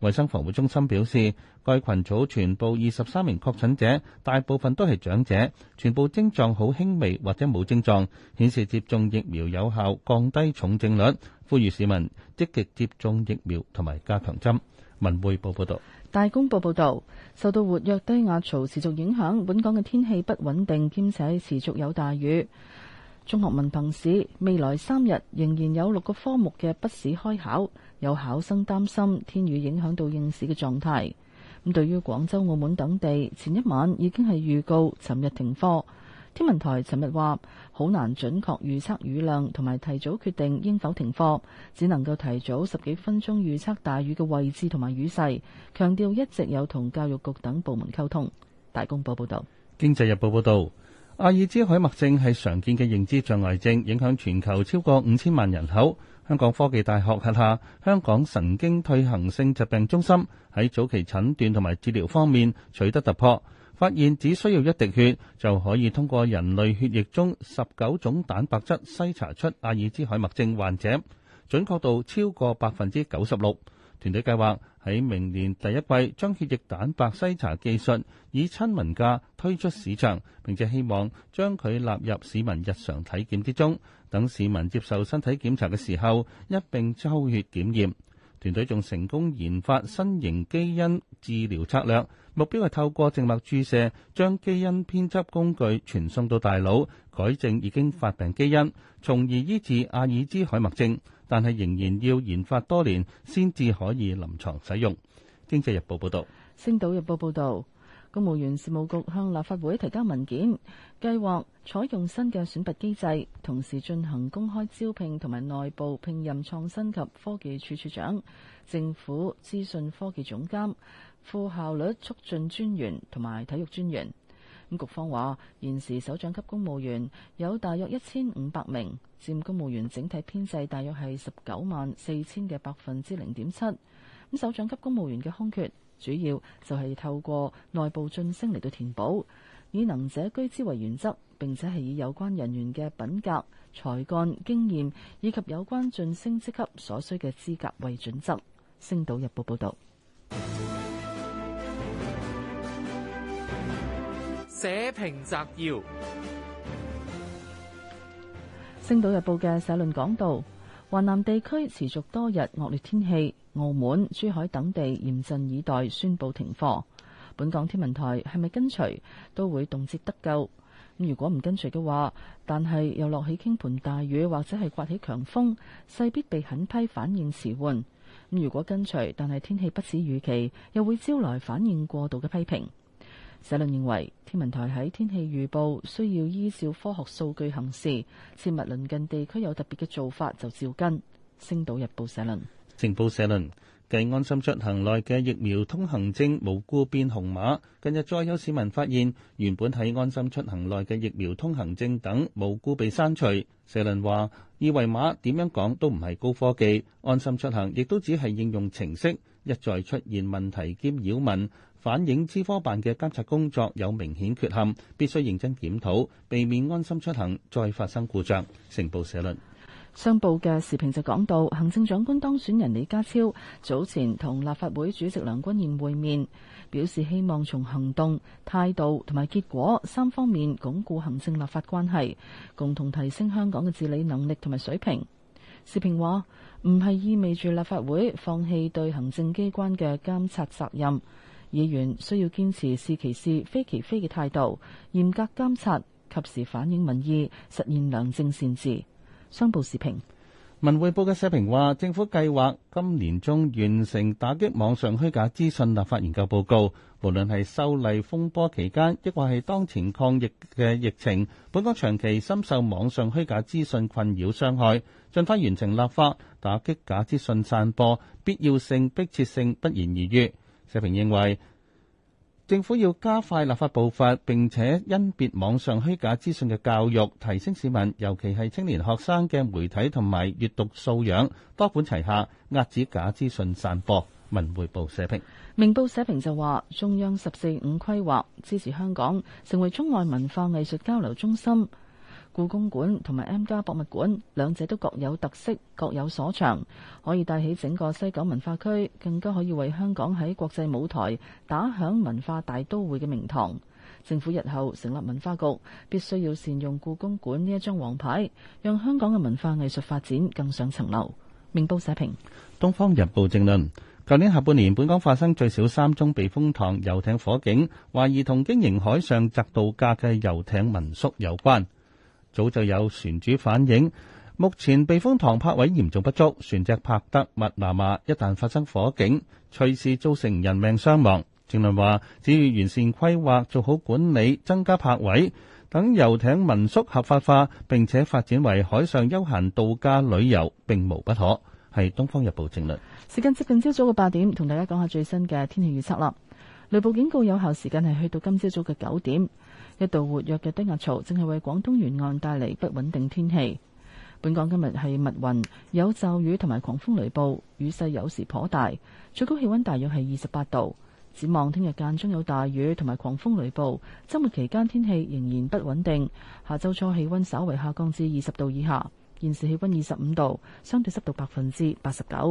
衛生防護中心表示，該群組全部二十三名確診者，大部分都係長者，全部症狀好輕微或者冇症狀，顯示接種疫苗有效，降低重症率。呼籲市民積極接種疫苗同埋加強針。文匯報報道，大公報報道，受到活躍低壓槽持續影響，本港嘅天氣不穩定，兼且持續有大雨。中學文憑試未來三日仍然有六個科目嘅筆試開考，有考生擔心天雨影響到應試嘅狀態。咁對於廣州、澳門等地，前一晚已經係預告，尋日停課。天文台尋日話：好難準確預測雨量同埋提早決定應否停課，只能夠提早十幾分鐘預測大雨嘅位置同埋雨勢。強調一直有同教育局等部門溝通。大公報報道，《經濟日報》報道，阿爾茲海默症係常見嘅認知障礙症，影響全球超過五千萬人口。香港科技大學轄下香港神經退行性疾病中心喺早期診斷同埋治療方面取得突破，發現只需要一滴血就可以通過人類血液中十九種蛋白質篩查出阿爾茲海默症患者，準確度超過百分之九十六。團隊計劃喺明年第一季將血液蛋白篩，篩查技術以親民價推出市場，並且希望將佢納入市民日常體檢之中。等市民接受身體檢查嘅時候，一並抽血檢驗。團隊仲成功研發新型基因治療策略，目標係透過靜脈注射將基因編輯工具傳送到大腦，改正已經發病基因，從而醫治阿爾茲海默症。但係仍然要研發多年先至可以臨床使用。經濟日報報道，星島日報報道。星島日報報道。公務員事務局向立法會提交文件，計劃採用新嘅選拔機制，同時進行公開招聘同埋內部聘任，創新及科技處處長、政府資訊科技總監、副效率促進專員同埋體育專員。咁局方話，現時首長級公務員有大約一千五百名，佔公務員整體編制大約係十九萬四千嘅百分之零點七。咁首長級公務員嘅空缺。主要就係透過內部晉升嚟到填補，以能者居之為原則，並且係以有關人員嘅品格、才幹、經驗以及有關晉升職級所需嘅資格為準則。星島日報報道。社評摘要。星島日報嘅社論講道，雲南地區持續多日惡劣天氣。澳門、珠海等地嚴陣以待，宣布停課。本港天文台係咪跟隨都會動輒得咎，如果唔跟隨嘅話，但係又落起傾盆大雨或者係颳起強風，勢必被狠批反應遲緩。如果跟隨，但係天氣不似預期，又會招來反應過度嘅批評。社論認為天文台喺天氣預報需要依照科學數據行事，切勿鄰近地區有特別嘅做法就照跟。《星島日報》社論。成報社論：繼安心出行內嘅疫苗通行證無故變紅碼，近日再有市民發現原本喺安心出行內嘅疫苗通行證等無故被刪除。社論話：二維碼點樣講都唔係高科技，安心出行亦都只係應用程式，一再出現問題兼擾民，反映資科辦嘅監察工作有明顯缺陷，必須認真檢討，避免安心出行再發生故障。成報社論。商報嘅時評就講到，行政長官當選人李家超早前同立法會主席梁君彥會面，表示希望從行動、態度同埋結果三方面鞏固行政立法關係，共同提升香港嘅治理能力同埋水平。時評話，唔係意味住立法會放棄對行政機關嘅監察責任，議員需要堅持是其是非其非嘅態度，嚴格監察，及時反映民意，實現良政善治。商報視評，文匯報嘅社評話：政府計劃今年中完成打擊網上虛假資訊立法研究報告。無論係修例風波期間，亦或係當前抗疫嘅疫情，本港長期深受網上虛假資訊困擾傷害。盡快完成立法打擊假資訊散播，必要性、迫切性不言而喻。社評認為。政府要加快立法步伐，並且甄別網上虛假資訊嘅教育，提升市民，尤其係青年學生嘅媒體同埋閱讀素養，多管齊下，遏止假資訊散播。文匯報社評，明報社評就話，中央十四五規劃支持香港成為中外文化藝術交流中心。故宮館同埋 M+ 博物館兩者都各有特色，各有所長，可以帶起整個西九文化區，更加可以為香港喺國際舞台打響文化大都會嘅名堂。政府日後成立文化局，必須要善用故宮館呢一張王牌，讓香港嘅文化藝術發展更上層樓。明報社評，《東方日報》正論，舊年下半年，本港發生最少三宗避風塘遊艇火警，懷疑同經營海上宅度假嘅遊艇民宿有關。早就有船主反映，目前避風塘泊位嚴重不足，船隻泊得密麻麻，一旦發生火警，隨時造成人命傷亡。正論話，只要完善規劃，做好管理，增加泊位，等遊艇民宿合法化，並且發展為海上休閒度假旅遊，並無不可。係《東方日報》正論。時間接近朝早嘅八點，同大家講下最新嘅天氣預測啦。雷暴警告有效時間係去到今朝早嘅九點。一道活躍嘅低壓槽正係為廣東沿岸帶嚟不穩定天氣。本港今日係密雲，有驟雨同埋狂風雷暴，雨勢有時頗大，最高氣温大約係二十八度。展望聽日間中有大雨同埋狂風雷暴，周末期間天氣仍然不穩定。下週初氣温稍為下降至二十度以下。現時氣温二十五度，相對濕度百分之八十九。